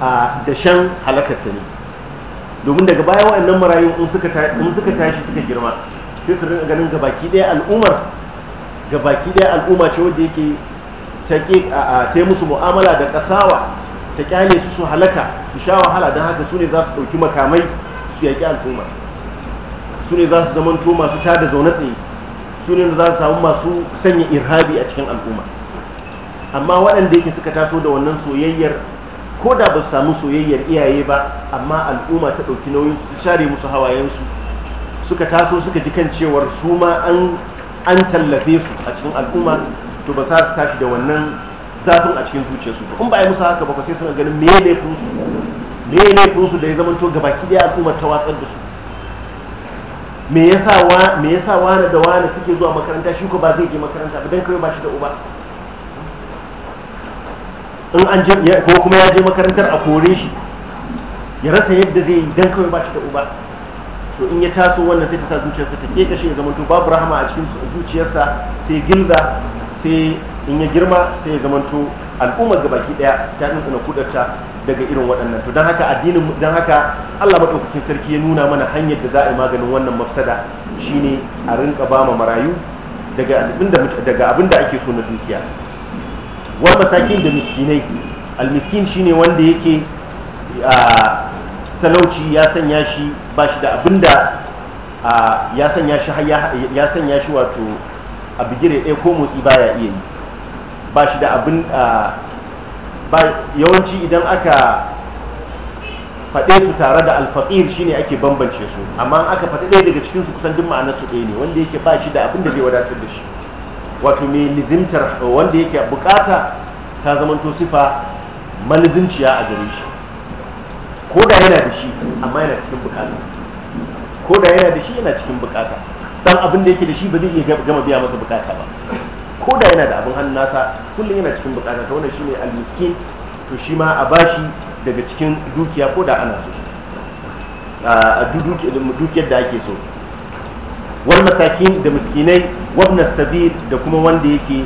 B: a dashen halakarta ne domin daga baya wa'annan marayu in suka tashi suka girma sai su rinka ganin gabaki daya al'ummar gabaki ɗaya al'umma ce wadda yake ta musu mu'amala da kasawa ta kyale su su halaka su sha wahala don haka su ne za su ɗauki makamai su yaƙi al'umma su ne za su zamanto masu da zaune tsaye su ne za su samu masu sanya irhabi a cikin al'umma amma waɗanda yake suka taso da wannan soyayyar ko da ba su samu soyayyar iyaye ba amma al'umma ta ɗauki nauyin su share musu hawayensu suka taso suka ji kan cewar su ma an tallafe su a cikin al'umma to ba za su tashi da wannan zafin a cikin zuciyarsu ba in ba a yi musu haka ba sai suna ganin me ne kunsu me ne kunsu da ya zama to gabaki daya al'ummar ta watsar da su me yasa wa me yasa wani da wani suke zuwa makaranta shi ko ba zai je makaranta ba dan kai ba shi da uba in an je ko kuma ya je makarantar a kore shi ya rasa yadda zai yi dan kawai ba shi da uba to in ya taso wannan sai ta sa zuciyarsa ta kekashe ya to babu rahama a cikin zuciyarsa sai gilda sai in ya girma sai ya zamanto al'ummar ga baki daya ta dinkuna kudarta daga irin waɗannan to don haka addinin don haka Allah madaukakin sarki ya nuna mana hanyar da za a yi maganin wannan mafsada shine a rinka ba mu marayu daga daga abinda ake so na dukiya wa masakin da miskinai al-miskin shine wanda yake talauci ya sanya shi ba shi da ya sanya shi wato a bigire ɗaya ko motsi baya iya yi ba shi da abin ba yawanci idan aka faɗe su tare da alfaƙir shine ake bambance su amma aka faɗi ɗaya daga cikinsu kusan duk ma'anar su ɗaya ne wanda yake ba shi da abin da zai wadatar da shi wato mai lizimtar wanda yake bukata ta zamanto sifa malizinciya a gare shi ko da yana da shi amma yana cikin bukata ko da yana da shi yana cikin bukata dan abin da yake da shi ba zai iya gama biya masa bukata ba ko da yana da abin hannun nasa kullum yana cikin bukata ta shi ne almiskin to shi ma a bashi daga cikin dukiya ko da ana so a dukiyar da ake so wal masakin da miskinai wabnas sabir da kuma wanda yake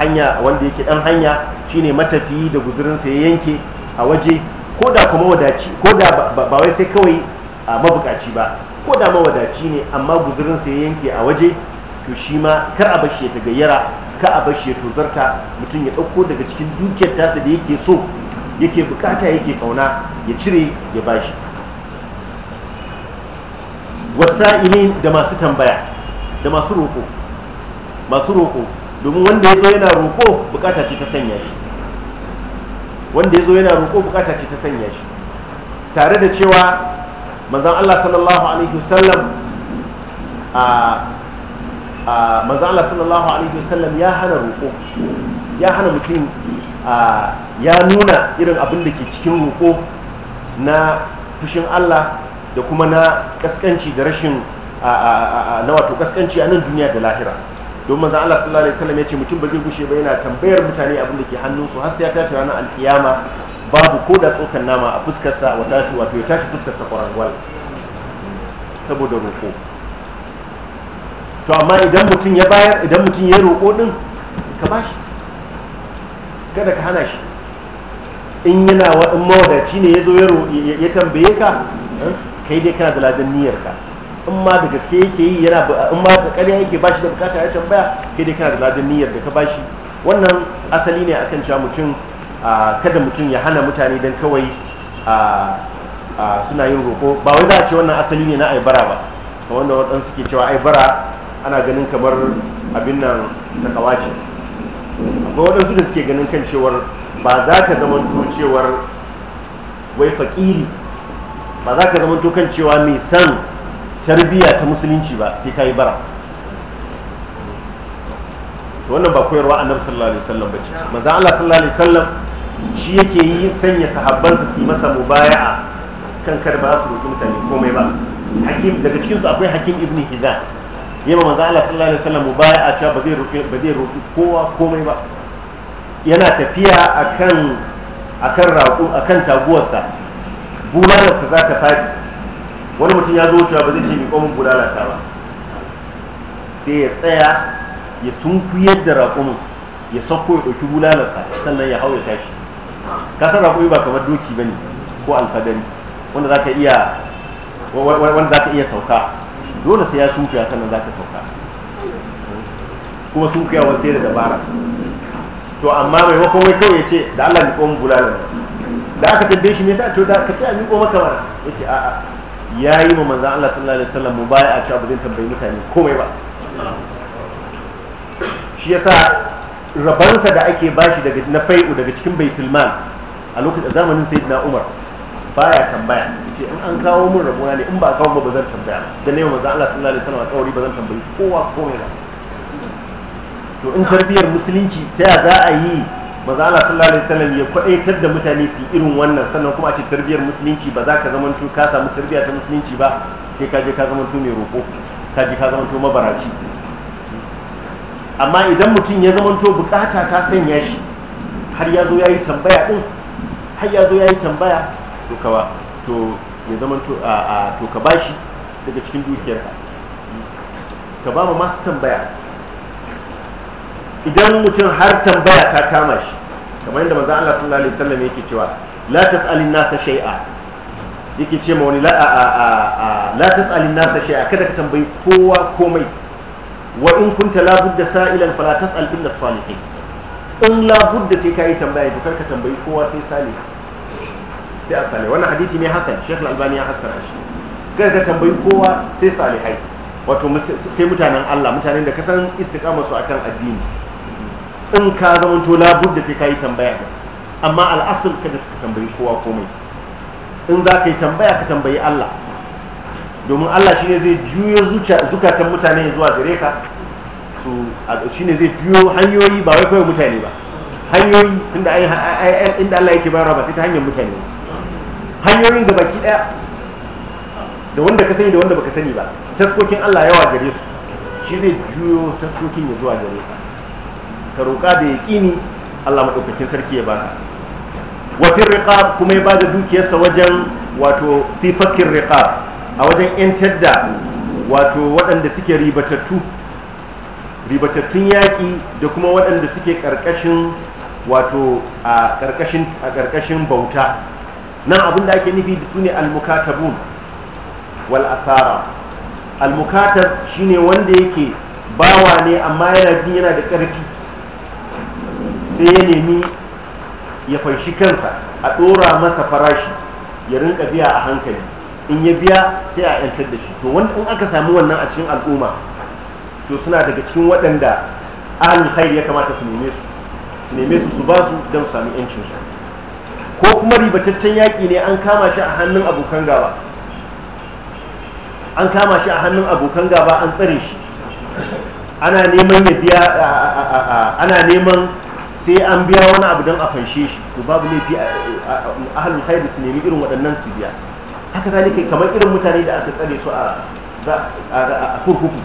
B: hanya wanda yake dan hanya shine matafi da guzurinsa ya yanke a waje ko da kuma wadaci ko da ba wai sai kawai a mabukaci ba ko da mawadaci ne amma guzurinsa ya yanke a waje to shi ma kar a bashi ya gayyara. ka a bashi ya tozarta mutum ya ɗauko daga cikin dukiyar tasa da yake so yake bukata yake kauna ya cire ya bashi ne da masu tambaya da masu roƙo masu roko domin wanda ya zo yana roƙo bukata ce ta sanya shi wanda ya zo yana roko bukata ce ta sanya shi tare da cewa manzan allah sallallahu alaihi wasallam a a manzo Allah sallallahu alaihi wasallam ya hana roƙo ya hana mutum ya nuna irin abin da ke cikin roƙo na fushin Allah da kuma na kaskanci da rashin na wato kaskanci a nan duniya da lahira don manzo Allah sallallahu alaihi wasallam ya ce mutum ba zai gushe ba yana tambayar mutane abin da ke hannunsu har sai ya tashi ranar alkiyama babu ko da tsokan nama a fuskarsa wata shi wato ya tashi fuskarsa kwarangwal saboda roƙo to amma idan mutum ya bayar idan mutum ya roƙo din ka bashi kada ka hana shi in yana in mawadaci ne ya zo ya tambaye ka eh, kai dai kana da ladan niyyar ka in ma da gaske yake yi yana in ma da ƙarya yake bashi da bukata ya tambaya kai dai kana da ladan niyyar da ka bashi wannan asali ne akan cewa mutum kada mutum ya hana mutane don kawai suna yin roƙo ba wai za a ce wannan asali ne na aibara ba wanda waɗansu suke cewa aibara ana ganin kamar abin nan ta kawace akwai waɗansu da suke ganin kan cewar ba za ka zamanto cewar wai fakiri ba za ka zamanto kan cewa mai san tarbiyya ta musulunci ba sai ka yi bara wannan ba koyarwa annabi sallallahu alaihi wasallam bace manzo Allah sallallahu alaihi wasallam shi yake yi sanya sahabbansa su yi masa mubaya'a kan kada ba su mutane komai ba hakim daga cikin su akwai hakim ibn hizan ma manzo Allah sallallahu alaihi wasallam baya a cewa ba zai roki ba zai roki kowa komai ba yana tafiya akan akan raƙu akan taguwarsa bulalarsa za ta fadi wani mutum ya zo cewa ba zai ce mi komai bulalata ba sai ya tsaya ya sunkuyar da raƙumin ya sauko ya ɗauki bulalarsa sannan ya hau ya tashi ka san raƙumi ba kamar doki ba ne ko alfadari wanda za ka iya sauka dole sai ya sunkuya sannan za ka sauka kuma wani sai da dabara to amma maimakon wai kawai ya ce da Allah mai mu bulalar da aka tabbe shi me to da ka ce a miƙo maka mana ya ce a'a ya yi ma manzan Allah sallallahu alaihi wasallam mu baya a cewa ba zai tambayi mutane komai ba shi yasa rabansa da ake bashi daga na fai'u daga cikin baitulman a lokacin zamanin sayyidina Umar baya tambaya ce in an kawo min rabuwa ne in ba kawo ba zan tambaya da ne manzo Allah sallallahu alaihi wasallam alƙawari ba zan tambayi kowa me ba to in tarbiyar musulunci ta ya za a yi manzo Allah sallallahu alaihi wasallam ya kwaɗaitar da mutane su irin wannan sannan kuma a ce tarbiyar musulunci ba za ka zamanto ka samu tarbiyya ta musulunci ba sai ka je ka zamanto mai roƙo ka je ka zamanto mabaraci amma idan mutum ya to bukata ta sanya shi har ya zo ya yi tambaya din har ya zo ya yi tambaya to ka to ya zama to a to ka bashi daga cikin dukiyarka ka ba mu masu tambaya idan mutum har tambaya ta kama shi kamar yadda maza Allah sallallahu alaihi wasallam yake cewa la tas'alin nasa shay'a yake ce ma wani la a a la tas'alin nasa shay'a kada ka tambayi kowa komai wa in kunta la budda sa'ilan fala tas'al illa salihin in la budda sai kai tambaya to kar ka tambayi kowa sai salihin sai a salihai wannan hadisi ne hasan shekh albani ya hassana shi kai ka tambayi kowa sai salihai wato sai mutanen allah mutanen da ka san istiqama su akan addini in ka zamanto da sai ka yi tambaya amma al'asul kada ka tambayi kowa komai in za ka yi tambaya ka tambayi allah domin allah shi ne zai juyo zukatan mutane zuwa gare ka su ne zai juyo hanyoyi ba wai kawai mutane ba hanyoyi tunda inda allah yake bayarwa ba sai ta hanyar mutane ba hanyoyin da baki daya da wanda ka sani da wanda baka sani ba taskokin Allah yawa gare su shi zai juyo taskokin ya zuwa gare ka ka roƙa da ƙini Allah maɗaukakin sarki ya baka wa fi kuma ya bada dukiyarsa wajen wato fi fakir a wajen yantar da wato waɗanda suke ribatattu ribatattun yaƙi da kuma waɗanda suke ƙarƙashin wato a ƙarƙashin bauta nan abin da ake nufi da su ne almukatabun wal asara almukatab shine wanda yake bawa ne amma yana jin yana da karfi sai ya nemi ya fanshi kansa a ɗora masa farashi ya rinka biya a hankali in ya biya sai a yantar da shi to wanda in aka samu wannan a cikin al'umma to suna daga cikin waɗanda ahalin khair ya kamata su neme su su neme su su ba su don sami 'yancinsu ko kuma ribataccen yaƙi ne an kama shi a hannun abokan gaba an kama shi a hannun abokan gaba an tsare shi ana neman ya ana neman sai an biya wani abu don a fanshe shi to babu laifi a ahalul haidu su nemi irin waɗannan su biya haka zalika kamar irin mutane da aka tsare su a kurkuku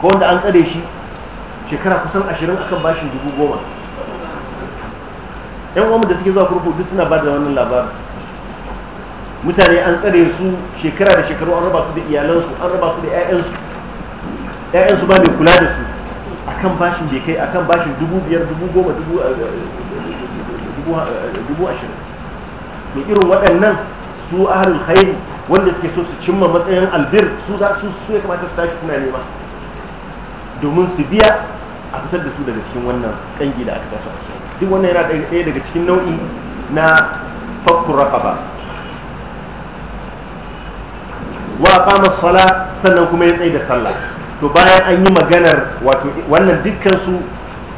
B: ko wanda an tsare shi shekara kusan ashirin akan bashin dubu goma yan uwanmu da suke zuwa kurkuku duk suna ba da wannan labarin mutane an tsare su shekara da shekaru an raba su da iyalansu an raba su da 'ya'yansu 'ya'yansu ba mai kula da su akan bashin bai kai akan bashin dubu biyar dubu goma dubu eh, eh, ashirin to irin waɗannan su harin haini wanda suke so su cimma matsayin albir su za su su ya kamata su tashi suna nema domin su biya a fitar da su daga cikin wannan kangi da aka sa su a cikin duk wannan yana ɗaya daga cikin nau'i na fakkun ba wa kama sala sannan kuma ya tsaye da sallah to bayan an yi maganar wato wannan dukkan su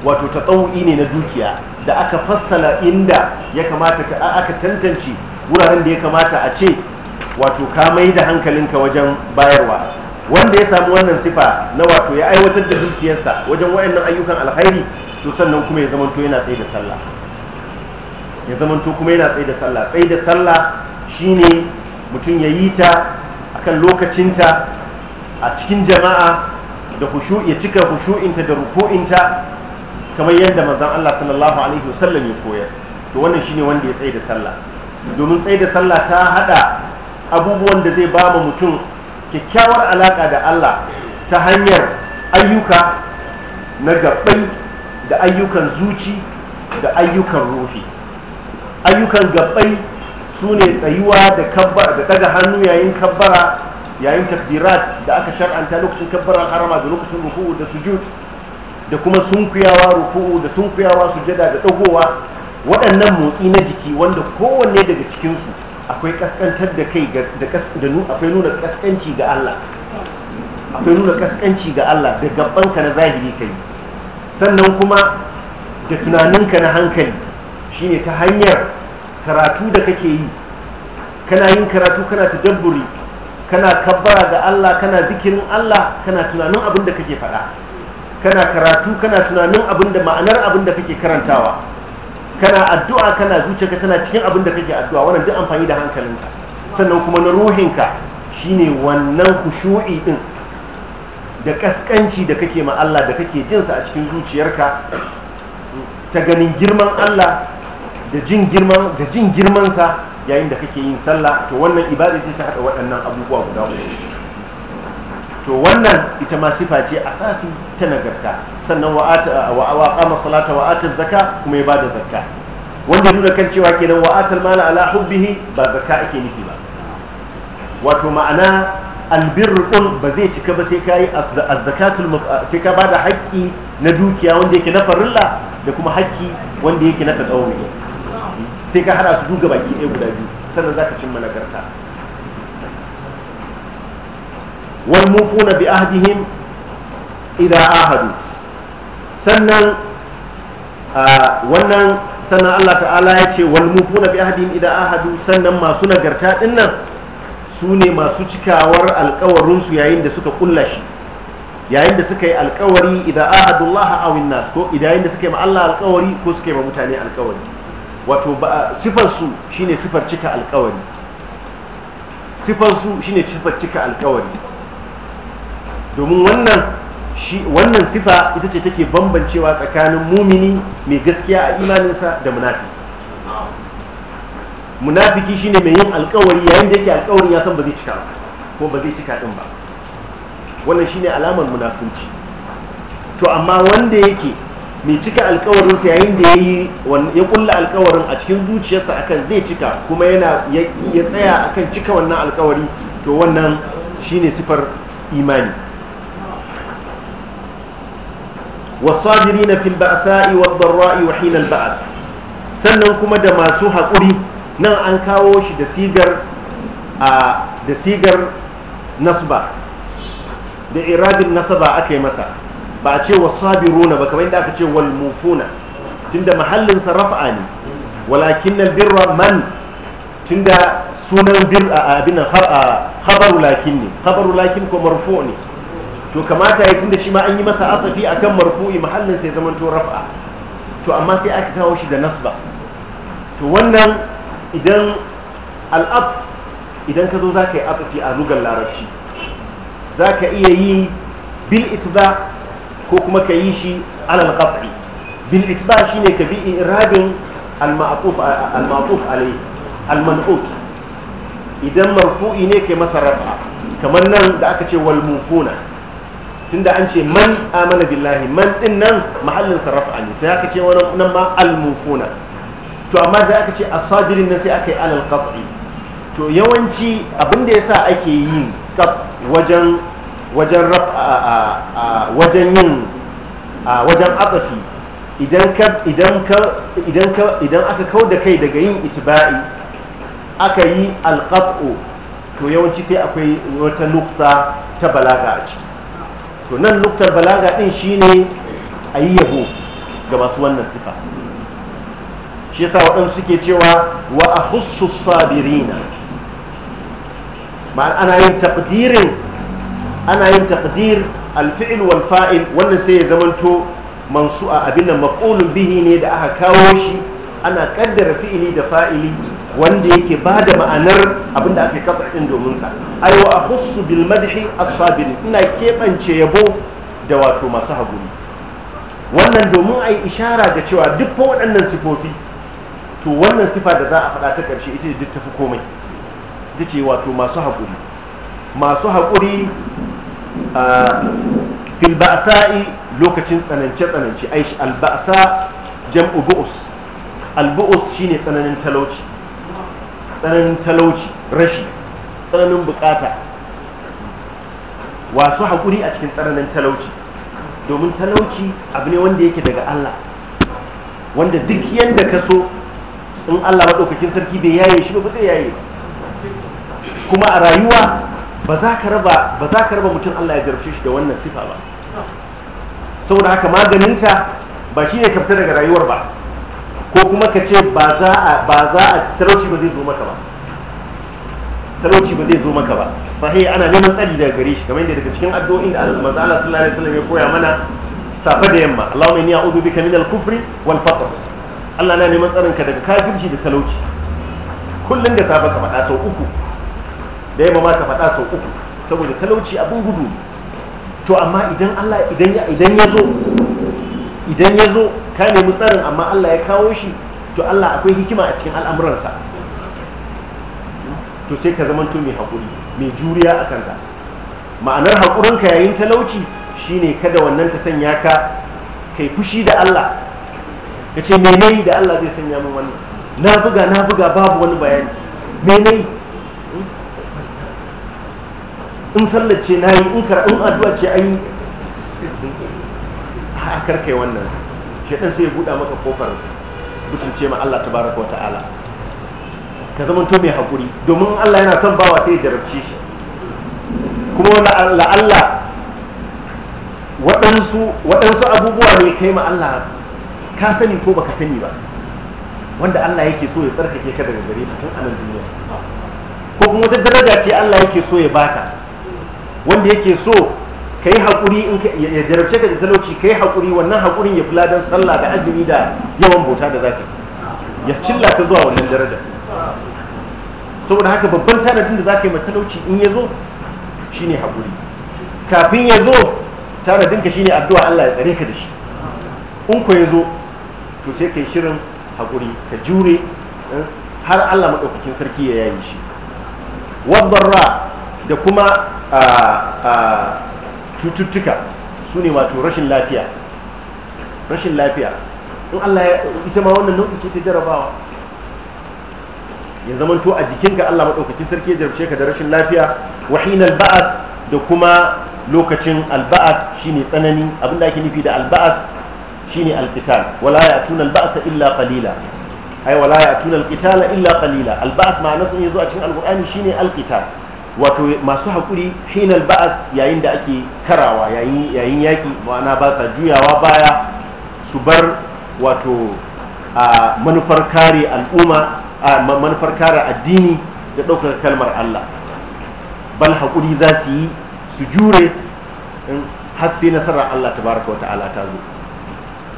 B: wato tatawu'i ne na dukiya da aka fassala inda ya kamata aka tantance wuraren da ya kamata a ce wato ka mai da hankalinka wajen bayarwa wanda ya samu wannan sifa na wato ya aiwatar da dukiyarsa wajen wayannan ayyukan alkhairi to sannan kuma ya zamanto yana tsaye da sallah ya zamanto kuma yana tsaye da sallah tsaye da sallah shine mutum ya yi ta akan lokacinta a cikin jama'a da hushu ya cika hushu'inta da ruku'inta kamar yadda manzon Allah sallallahu alaihi wasallam ya koyar to wannan shine wanda ya tsaye da sallah domin tsaye da sallah ta hada abubuwan da zai ba mutum kyakkyawar alaka da Allah ta hanyar ayyuka na gaban da ayyukan zuci da ayyukan ruhi ayyukan gabbai su ne tsayuwa da daga hannu yayin kabbara yayin takbirat da aka shar'anta lokacin kabbara harama da lokacin ruku'u da sujud da kuma sunkuyawa ruku'u da sunkuyawa sujada da dagowa waɗannan motsi na jiki wanda kowanne daga cikinsu akwai kaskantar da kai da akwai nuna kaskanci ga Allah akwai nuna kaskanci ga Allah da gabbanka na zahiri kai sannan kuma da tunaninka na hankali shine ta hanyar karatu da kake yi kana yin karatu kana tadabburi kana kabbara ga Allah kana zikirin Allah kana tunanin abin da kake faɗa kana karatu kana tunanin abin da ma'anar abin da kake karantawa kana addu'a kana zuciyarka tana cikin abin da kake addu'a wannan duk amfani da hankalinka sannan kuma na ruhinka shine wannan kushu'i din da kaskanci da kake ma Allah da kake jinsa a cikin zuciyarka ta ganin girman Allah da jin girman da jin girmansa yayin da kake yin sallah to wannan ibada ce ta hada waɗannan abubuwa guda uku to wannan ita ma sifa ce asasi ta nagarta sannan wa wa aqama salata wa ata zakka kuma ya da zakka wanda nuna kan cewa kenan wa atal mala ala hubbihi ba zakka ake nufi ba wato ma'ana albirru ɗin ba zai cika ba sai ka yi azzakatul sai ka bada haƙƙi na dukiya wanda yake na farilla da kuma haƙƙi wanda yake na tadawuri sai ka hada su duka baki ɗaya guda biyu sannan za ka cin managarta wal mufuna bi ahdihim idan ahadu sannan wannan sannan Allah ta'ala ya ce wal mufuna bi ahdihim idan ahadu sannan masu nagarta dinnan su ne masu cikawar alkawarinsu yayin da suka kulla shi yayin da suka yi alkawari idan ahadullah awin nas ko yayin da suka yi ma Allah alkawari ko suka yi ma mutane alkawari wato sifar su shine sifar cika alkawari sifar su shine sifar cika alkawari domin wannan shi wannan sifa ita ce take bambancewa tsakanin mumini mai gaskiya a imaninsa da munafiki munafiki shine mai yin alkawari yayin da yake alkawarin ya san ba zai cika ba ko ba zai cika din ba wannan shine alamar munafunci to amma wanda yake mai cika alkawarinsa yayin da yayi ya kulla alkawarin a cikin zuciyarsa akan zai cika kuma yana ya tsaya akan cika wannan alkawari to wannan shine sifar imani wasabirina fil ba'sa'i wad-dharra'i wa hina al-ba's sannan kuma da masu haƙuri nan an kawo shi da sigar a da sigar nasba da iradin nasaba aka yi masa ba a ce wa sabiruna ba kamar yadda aka ce wal mufuna tunda mahallin sarrafa ne walakin nan birra man tunda sunan bir a abin habaru lakin ne habaru lakin ko marfu ne to kamata ya tunda shi ma an yi masa atafi akan marfu'i mahallin sai zamanto rafa to amma sai aka kawo shi da nasba to wannan idan al'af idan ka zo za ka yi afafi a rugar larabci za ka iya yi bil itba ko kuma ka yi shi alal kafi bil itba shine ka bi irabin al al ma'tuf idan marfu'i ne kai masa rab'a kamar nan da aka ce walmufuna mufuna da an ce man amana billahi man din nan mahallin sarrafa ne sai aka ce wani nan ma al to amma sai aka ce a asabirin nan sai aka yi alal kaf'i to yawanci abin da yasa ake yin wajen wajen wajen yin wajen atsafi idan aka kau da kai daga yin itiba'i aka yi alqat'u to yawanci sai akwai wata lukta ta balaga a ciki to nan nuktar balaga din shine a yi yabo ga masu wannan sifa shi yasa waɗansu suke cewa wa a husu sabirina ana yin takdirin ana yin takdir alfi'il wal fa'il wannan sai ya zamanto mansu a abin nan maf'ulun bihi ne da aka kawo shi ana kaddara fi'ili da fa'ili wanda yake ba da ma'anar abin da aka kafa ɗin domin sa ai wa a husu bil madhi ina keɓance yabo da wato masu haguri wannan domin a yi ishara da cewa duk waɗannan sifofi to wannan sifa da za a faɗa ta ƙarshe ita ce duk tafi komai ita ce wato masu haƙuri masu haƙuri a filba'asa'i lokacin tsanance-tsanance aishi alba'asa jam'u bu'us albu'us shi ne tsananin talauci tsananin talauci rashi tsananin bukata wasu haƙuri a cikin tsananin talauci domin talauci abu ne wanda yake daga Allah wanda duk yadda ka so in Allah maɗaukakin sarki bai yaye shi ba zai yaye kuma a rayuwa ba za ka raba mutum Allah ya jarabce shi da wannan sifa ba saboda haka maganinta ba shi ne ka fita daga rayuwar ba ko kuma ka ce ba za a talauci ba zai zo maka ba talauci ba zai zo maka ba sahi ana neman tsari daga gare shi kamar yadda daga cikin addu'o'in da Allah manzo Allah sallallahu alaihi wasallam ya koya mana safa da yamma Allahumma inni a'udhu bika min al-kufri wal faqr Allah na neman tsarinka daga kafirci da talauci kullum da safe ka faɗa sau uku da yamma ma ka faɗa sau uku saboda talauci abin gudu to amma idan Allah idan ya zo idan ya zo ka nemi tsarin amma Allah ya kawo shi to Allah akwai hikima a cikin al'amuransa to sai ka zamanto mai haƙuri mai juriya a kanka ma'anar haƙurinka yayin talauci shine kada wannan ta sanya ka kai fushi da Allah ya ce me da Allah zai sanya min wannan na buga na buga babu wani bayani me in sallace na yi in in addu'a ce an yi a karkai wannan shaɗan sai ya buɗa maka kofar mutunce ma Allah baraka wa ta'ala ka zama to mai haƙuri domin Allah yana son bawa sai ya jarabce shi kuma la'alla waɗansu abubuwa ne kai ma Allah ka sani ko baka sani ba wanda Allah yake so ya tsarkake ka daga gare shi tun anan duniya ko kuma wata daraja ce Allah yake so ya baka wanda yake so ka yi haƙuri in ya jarabce ka da talauci ka yi haƙuri wannan haƙurin ya kula don sallah da azumi da yawan bauta da zaka ya cilla ka zuwa wannan daraja saboda haka babban tanadin da zaka yi ma talauci in ya zo shine haƙuri kafin ya zo tanadin ka shine addu'a Allah ya tsare ka da shi in ko ya zo to sai kai shirin haƙuri ka jure eh, har allah maɗaukakin sarki ya yayi shi wabarra da kuma cututtuka su ne wato rashin lafiya rashin lafiya in allah ya ita ma wannan nau'i ce ta jarabawa ya zamanto a jikinka allah maɗaukakin sarki ya jarabce ka da rashin lafiya wahin alba'as da kuma lokacin alba'as shine tsanani abinda ake nufi da alba'as shine alqital wala ya'tuna alba's illa qalila ay wala ya'tuna alqital illa qalila alba'as ma'ana sun yazo a cikin alqur'ani shine alqital wato masu hakuri hin alba's yayin da ake karawa yayin yayin yaki ma'ana ba sa juyawa baya su bar wato a manufar kare al'umma a manufar kare addini da ɗaukar kalmar Allah bal hakuri zasu yi su jure har sai nasarar Allah tabaraka wa ta'ala ta zo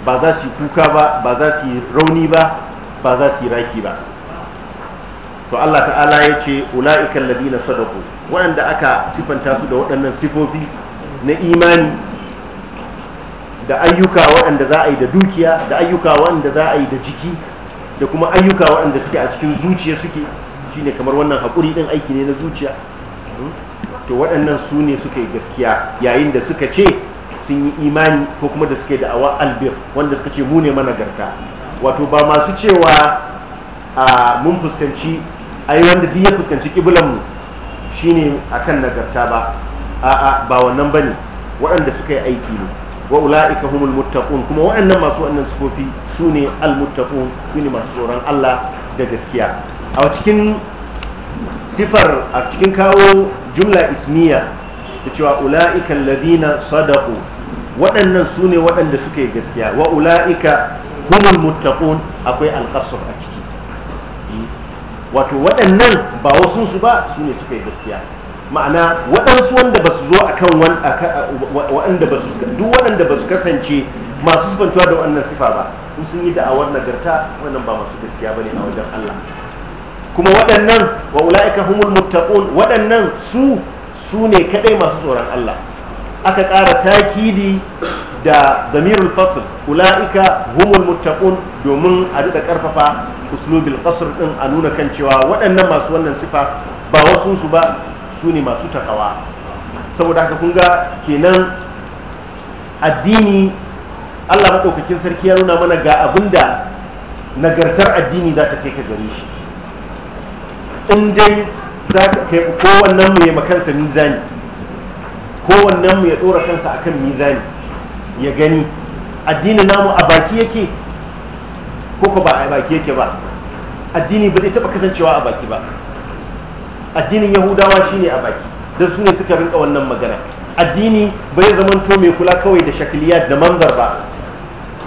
B: ba za su yi kuka ba ba za su yi rauni ba ba za su yi raki ba to Allah ta'ala ya ce ula'ikan na sadaku waɗanda aka sifanta su da waɗannan sifofi na imani da ayyuka waɗanda za a yi da dukiya da ayyuka waɗanda za a yi da jiki da kuma ayyuka waɗanda suke a cikin zuciya suke shine kamar wannan haƙuri ɗin aiki ne na zuciya hmm? to waɗannan su ne suka yi gaskiya yayin da suka ce sun yi imani ko kuma da suke da'awa albir wanda suka ce mu ne managarta wato ba masu cewa a mun fuskanci ai wanda duk ya fuskanci kibulanmu shine akan nagarta ba a'a ba wannan ba ne waɗanda suka yi aiki ne wa ula'ika humul muttaqun kuma waɗannan masu wannan su ne al muttaqun ne masu tsoron Allah da gaskiya a cikin sifar a cikin kawo jumla ismiya da cewa ula'ika alladhina sadaqu waɗannan su ne waɗanda suke gaskiya wa ula'ika humul muttaqun akwai alqasr a ciki hmm. wato waɗannan ba wasu su ba su ne suke gaskiya ma'ana waɗansu wanda ba su zo a kan waɗanda ba su duk waɗanda ba su kasance masu sifantuwa da wannan sifa ba in sun yi da'awar nagarta wannan ba masu gaskiya ba ne a wajen Allah kuma waɗannan wa ula'ika humul muttaqun waɗannan su su ne kaɗai masu tsoron Allah aka ƙara takidi da zamirul fasl ula'ika humul muttaqun domin a daɗa ƙarfafa uslubil qasr ɗin a nuna kan cewa waɗannan masu wannan sifa ba wasu su ba su ne masu takawa saboda haka kun kenan addini Allah maɗaukakin sarki ya nuna mana ga abin da nagartar addini za ta kai ka gare shi in dai za ka kai kowannen mu ya makansa mizani kowannen mu ya dora kansa akan mizani ya gani Addini namu a baki yake ko ko ba a baki yake ba addini ba zai taba kasancewa a baki ba addinin yahudawa shine a baki don su ne suka rinka wannan magana addini bai zamanto mai kula kawai da shakiliya da mambar ba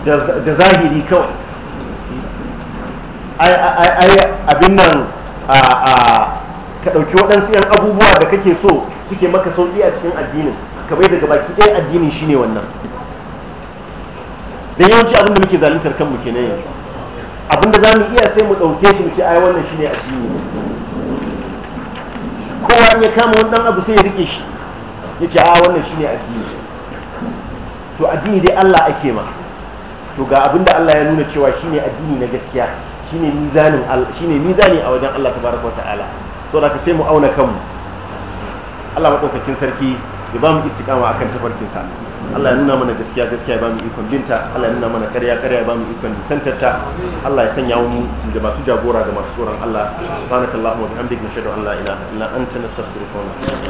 B: da zahiri kawai ai abin nan ka ɗauki waɗansu 'yan abubuwa da kake so suke maka sauki a cikin addinin ka bai daga baki ɗaya addinin shine wannan da yawanci abin da muke zaluntar kanmu kenan yanzu abinda za mu iya sai mu ɗauke shi mu ce ai wannan shine addini kowa in ya kama wannan abu sai ya rike shi ya ce a wannan shine addini to addini dai Allah ake ma to ga abinda Allah ya nuna cewa shi ne addini na gaskiya ne mizanin mizani a wajen Allah baraka wa ta'ala to da ka sai mu auna kanmu Allah maɗaukakin sarki ya ba mu istiqama akan sa Allah ya nuna mana gaskiya gaskiya ya ba mu ikon binta Allah ya nuna mana karya karya ya ba mu ikon nisantarta Allah ya sanya mu da masu jagora da masu tsoron Allah subhanaka allahumma wa bihamdika nashhadu an la ilaha illa anta nastaghfiruka wa natubu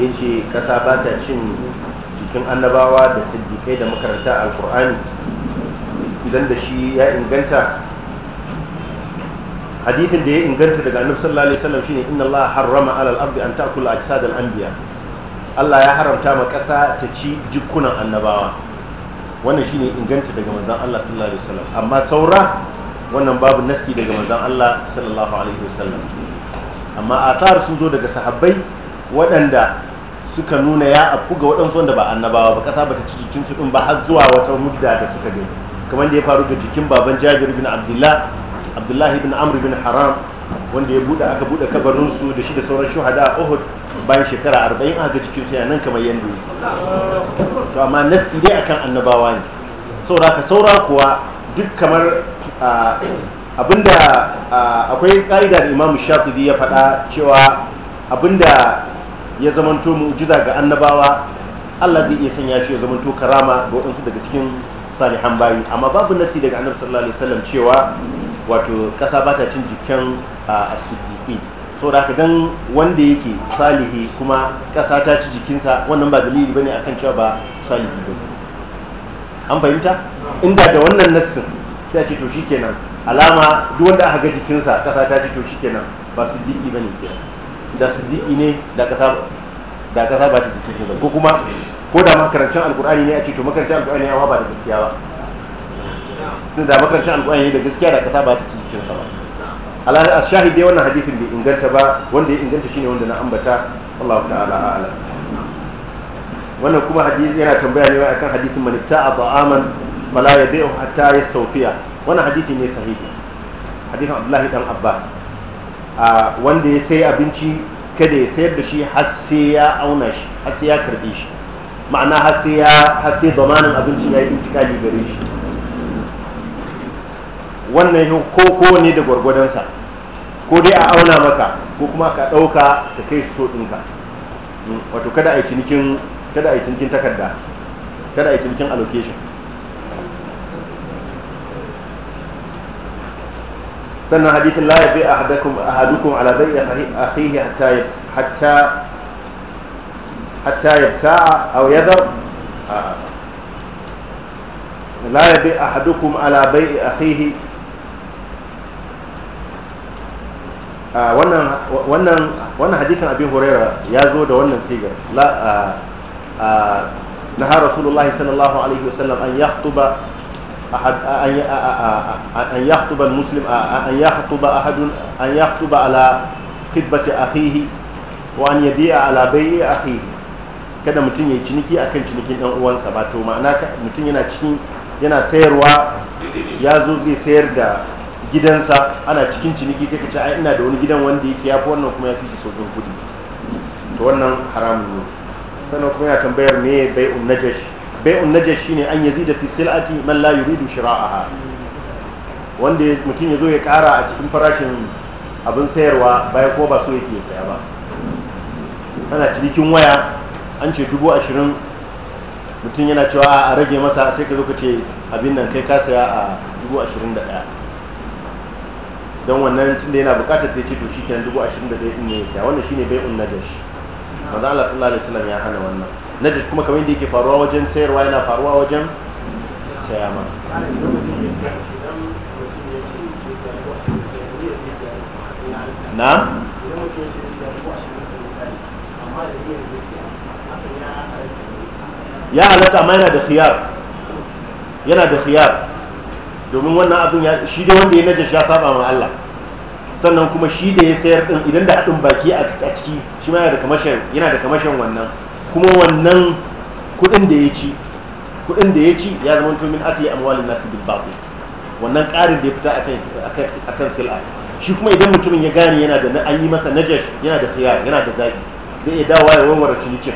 B: ya ce ƙasa ba ta cin jikin annabawa da siddiƙai da makaranta alkur'ani idan da shi ya inganta hadithin da ya inganta daga annabi sallallahu alaihi wasallam shine inna Allah harrama alal ardi an ta'kula ajsad al anbiya Allah ya haramta ma ƙasa ta ci jikunan annabawa wannan shine inganta daga manzon Allah sallallahu alaihi wasallam amma saura wannan babu nasti daga manzon Allah sallallahu alaihi wasallam amma athar sun zo daga sahabbai waɗanda suka nuna ya afku ga waɗansu wanda ba annabawa ba ƙasa ba ta ci jikinsu ɗin ba har zuwa wata mudda da suka gani kamar da ya faru ga jikin baban jabir bin abdullah abdullahi bin amr bin haram wanda ya buɗe aka buɗe su da shi da sauran shuhada a uhud bayan shekara arba'in aka jikin su nan kamar yanda
C: yake
B: to amma nasi dai akan annabawa ne saura ka saura kuwa duk kamar abinda akwai ƙa'ida da imamu Shafi ya faɗa cewa abinda ya zamanto mu'jiza ga annabawa Allah zai iya sanya shi ya zamanto karama ga waɗansu daga cikin salihan bayi amma babu nasi daga annabi sallallahu alaihi wasallam cewa wato ƙasa ba ta cin jikin as-siddiqi da haka dan wanda yake salihi kuma ƙasa ta ci jikinsa wannan ba dalili bane akan cewa ba salihi ba an fahimta inda da wannan nassin sai a ce to shikenan alama duk wanda aka ga jikinsa ƙasa ta ci to shikenan ba siddiqi bane kenan da diki ne da ka saba da ka ta jikin shi ko kuma ko da makarancin alkur'ani ne a ce to makarancin alkur'ani ya ba da gaskiya ba tun da makarancin alkur'ani ne da gaskiya da ka saba ta jikin sa ba a ashahid dai wannan hadisin bai inganta ba wanda ya inganta shine wanda na ambata Allah ta'ala ala wannan kuma hadisi yana tambaya ne akan hadisin man ta'a ta'aman fala yabi'u hatta yastawfiya wannan hadisi ne sahihi hadisin Abdullahi dan Abbas wanda ya sai abinci kada ya sayar da shi har sai ya auna shi har sai ya karbe shi ma'ana har sai ya har sai zamanin abinci ya yi intikali gare shi wannan ko kowane da gwargwadonsa ko dai a auna maka ko kuma ka ɗauka ka kai shi to ɗinka hmm, wato kada a yi cinikin kada a yi cinikin takarda kada a yi cinikin allocation sannan hadithin la yabi ahadukum ahadukum ala bai akhihi hatta hatta hatta yabta'a aw yadhar la yabi ahadukum ala bai akhihi wannan wannan wannan hadithin abin huraira ya zo da wannan sigar la naha rasulullahi sallallahu alaihi wasallam an yakhtuba أن يخطب المسلم أن يخطب أحد أن يخطب على خطبة أخيه وأن يبيع على بيع أخيه kada mutum ya yi ciniki a kan cinikin ɗan uwansa ba to ma'ana mutum yana cikin yana sayarwa ya zo zai sayar da gidansa ana cikin ciniki sai ka ce ai ina da wani gidan wanda yake ya fi wannan kuma ya fi shi sauƙin kuɗi to wannan haramun ne sannan kuma yana tambayar me bai'un najashi bai'un najas shine an yazi da fi sil'ati man la yuridu shira'aha wanda mutum ya zo ya kara a cikin farashin abin sayarwa baya ko ba so yake ya saya ba ana cikin waya an ce dubu ashirin mutum yana cewa a rage masa sai ka zo ka ce abin nan kai ka saya a dubu ashirin da daya don wannan tunda yana bukatar ta ce to shi kenan dubu ashirin da daya in ne ya saya wannan shine bai'un najas Maza Allah sallallahu alaihi wasallam ya hana wannan na da kuma kamar da yake faruwa wajen sayarwa yana faruwa wajen saya ma na ya halatta amma yana da khiyar yana da khiyar domin wannan abin ya shi da wanda ya najas ya saba ma Allah sannan kuma shi da ya sayar din idan da haɗin baki a ciki shi ma yana da kamashin wannan kuma wannan kuɗin da ya ci kudin da ya ci ya zama to min akli amwalin nasu bil batil wannan ƙarin da ya fita akan akan sil'a shi kuma idan mutumin ya gane yana da an yi masa najash yana da khiyar yana da zaki zai iya dawo ya warware cinikin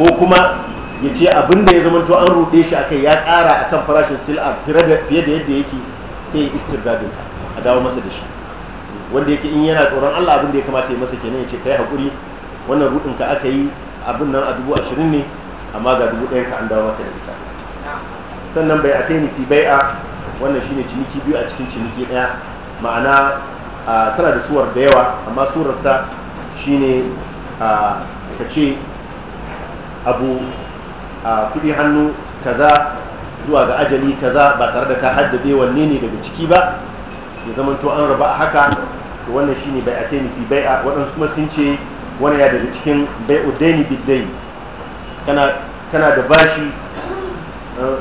B: ko kuma ya ce abin da ya zama to an ruɗe shi akai ya kara akan farashin sil'a fiye da yadda yake sai ya istirdadin a dawo masa da shi wanda yake in yana tsoron Allah abin da ya kamata ya masa kenan ya ce kai hakuri wannan rudin ka aka yi abin nan a dubu ashirin ne amma ga dubu ɗaya ka an dawo maka da ita sannan bai a taimaki bai a wannan shine ciniki biyu a cikin ciniki ɗaya ma'ana tana da suwar da yawa amma surarta shine ka ce abu a kuɗi hannu kaza zuwa ga ajali kaza ba tare da ka haddade wanne ne daga ciki ba ya zamanto an raba haka to wannan shine bai a taimaki bai a waɗansu kuma sun ce wani ya daga cikin bai udeni bidai kana da bashi eh,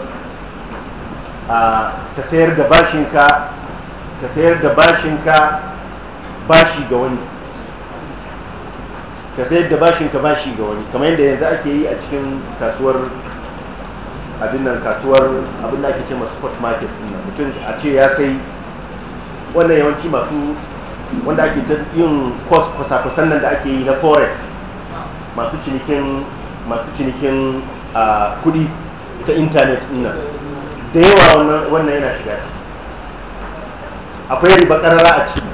B: ka sayar da bashinka ka sayar da bashinka bashi ga wani ka sayar da bashinka bashi ga wani kamar yadda yanzu ake yi a cikin kasuwar abinnan kasuwar abin da ake ce masu spot market mutum a ce ya sai wannan yawanci masu wanda ake ta yin kwasa-kwasan nan da ake yi na forex masu cinikin masu cinikin kudi ta intanet ina da yawa wannan yana shiga ciki akwai riba karara a ciki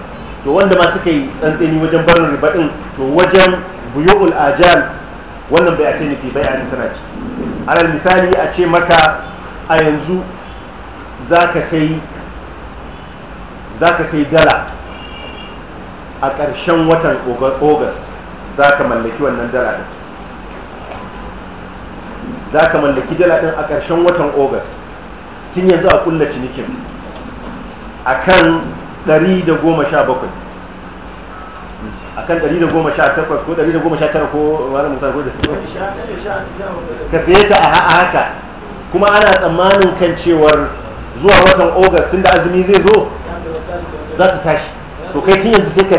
B: to wanda ma suka yi tsantseni wajen barin riba din to wajen buyu'ul ajal wannan bai a ce nufi bai a tana ciki alal misali a ce maka a yanzu za ka sai dala a ƙarshen watan august za ka mallaki wannan dala ɗin za ka mallaki dala ɗin a ƙarshen watan august tun yanzu a ƙulla cinikin a kan 117 a kan 118 ko 119 ko wani mutane ko da ka saye ta a haka kuma ana tsammanin kan cewar zuwa watan august tun da azumi zai zo za ta tashi to kai tun yanzu sai ka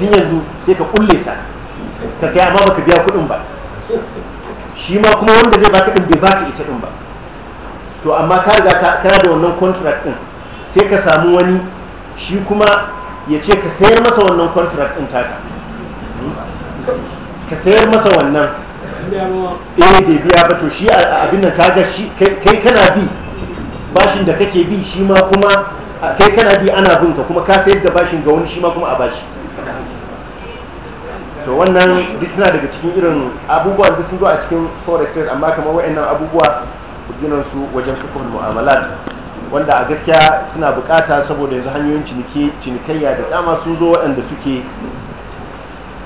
B: tun yanzu sai ka kulle ta ka sai amma baka biya kudin ba shi ma kuma wanda zai baka din bai baka ita din ba to amma ka riga kana da wannan contract din sai ka samu wani shi kuma ya ce ka sayar masa wannan contract din taka ka sayar masa wannan
A: eh
B: bai biya ba to shi abin nan kaga shi kai kana bi bashin da kake bi shi ma kuma kai kana bi ana bin ka kuma ka sayar da bashin ga wani shi ma kuma a bashi to wannan duk suna daga cikin irin abubuwan da sun zo a cikin forex trade amma kamar wa'annan abubuwa ginan su wajen sukun mu'amalat wanda a gaskiya suna bukata saboda yanzu hanyoyin ciniki cinikayya da dama sun zo waɗanda suke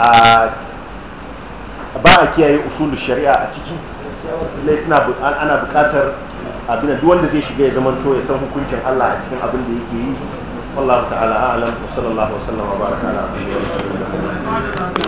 B: a ba a kiyaye usulun shari'a a ciki lai suna ana bukatar abin da wanda zai shiga ya zamanto ya san hukuncin Allah a cikin abin da yake yi والله تعالى اعلم وصلى الله وسلم وبارك على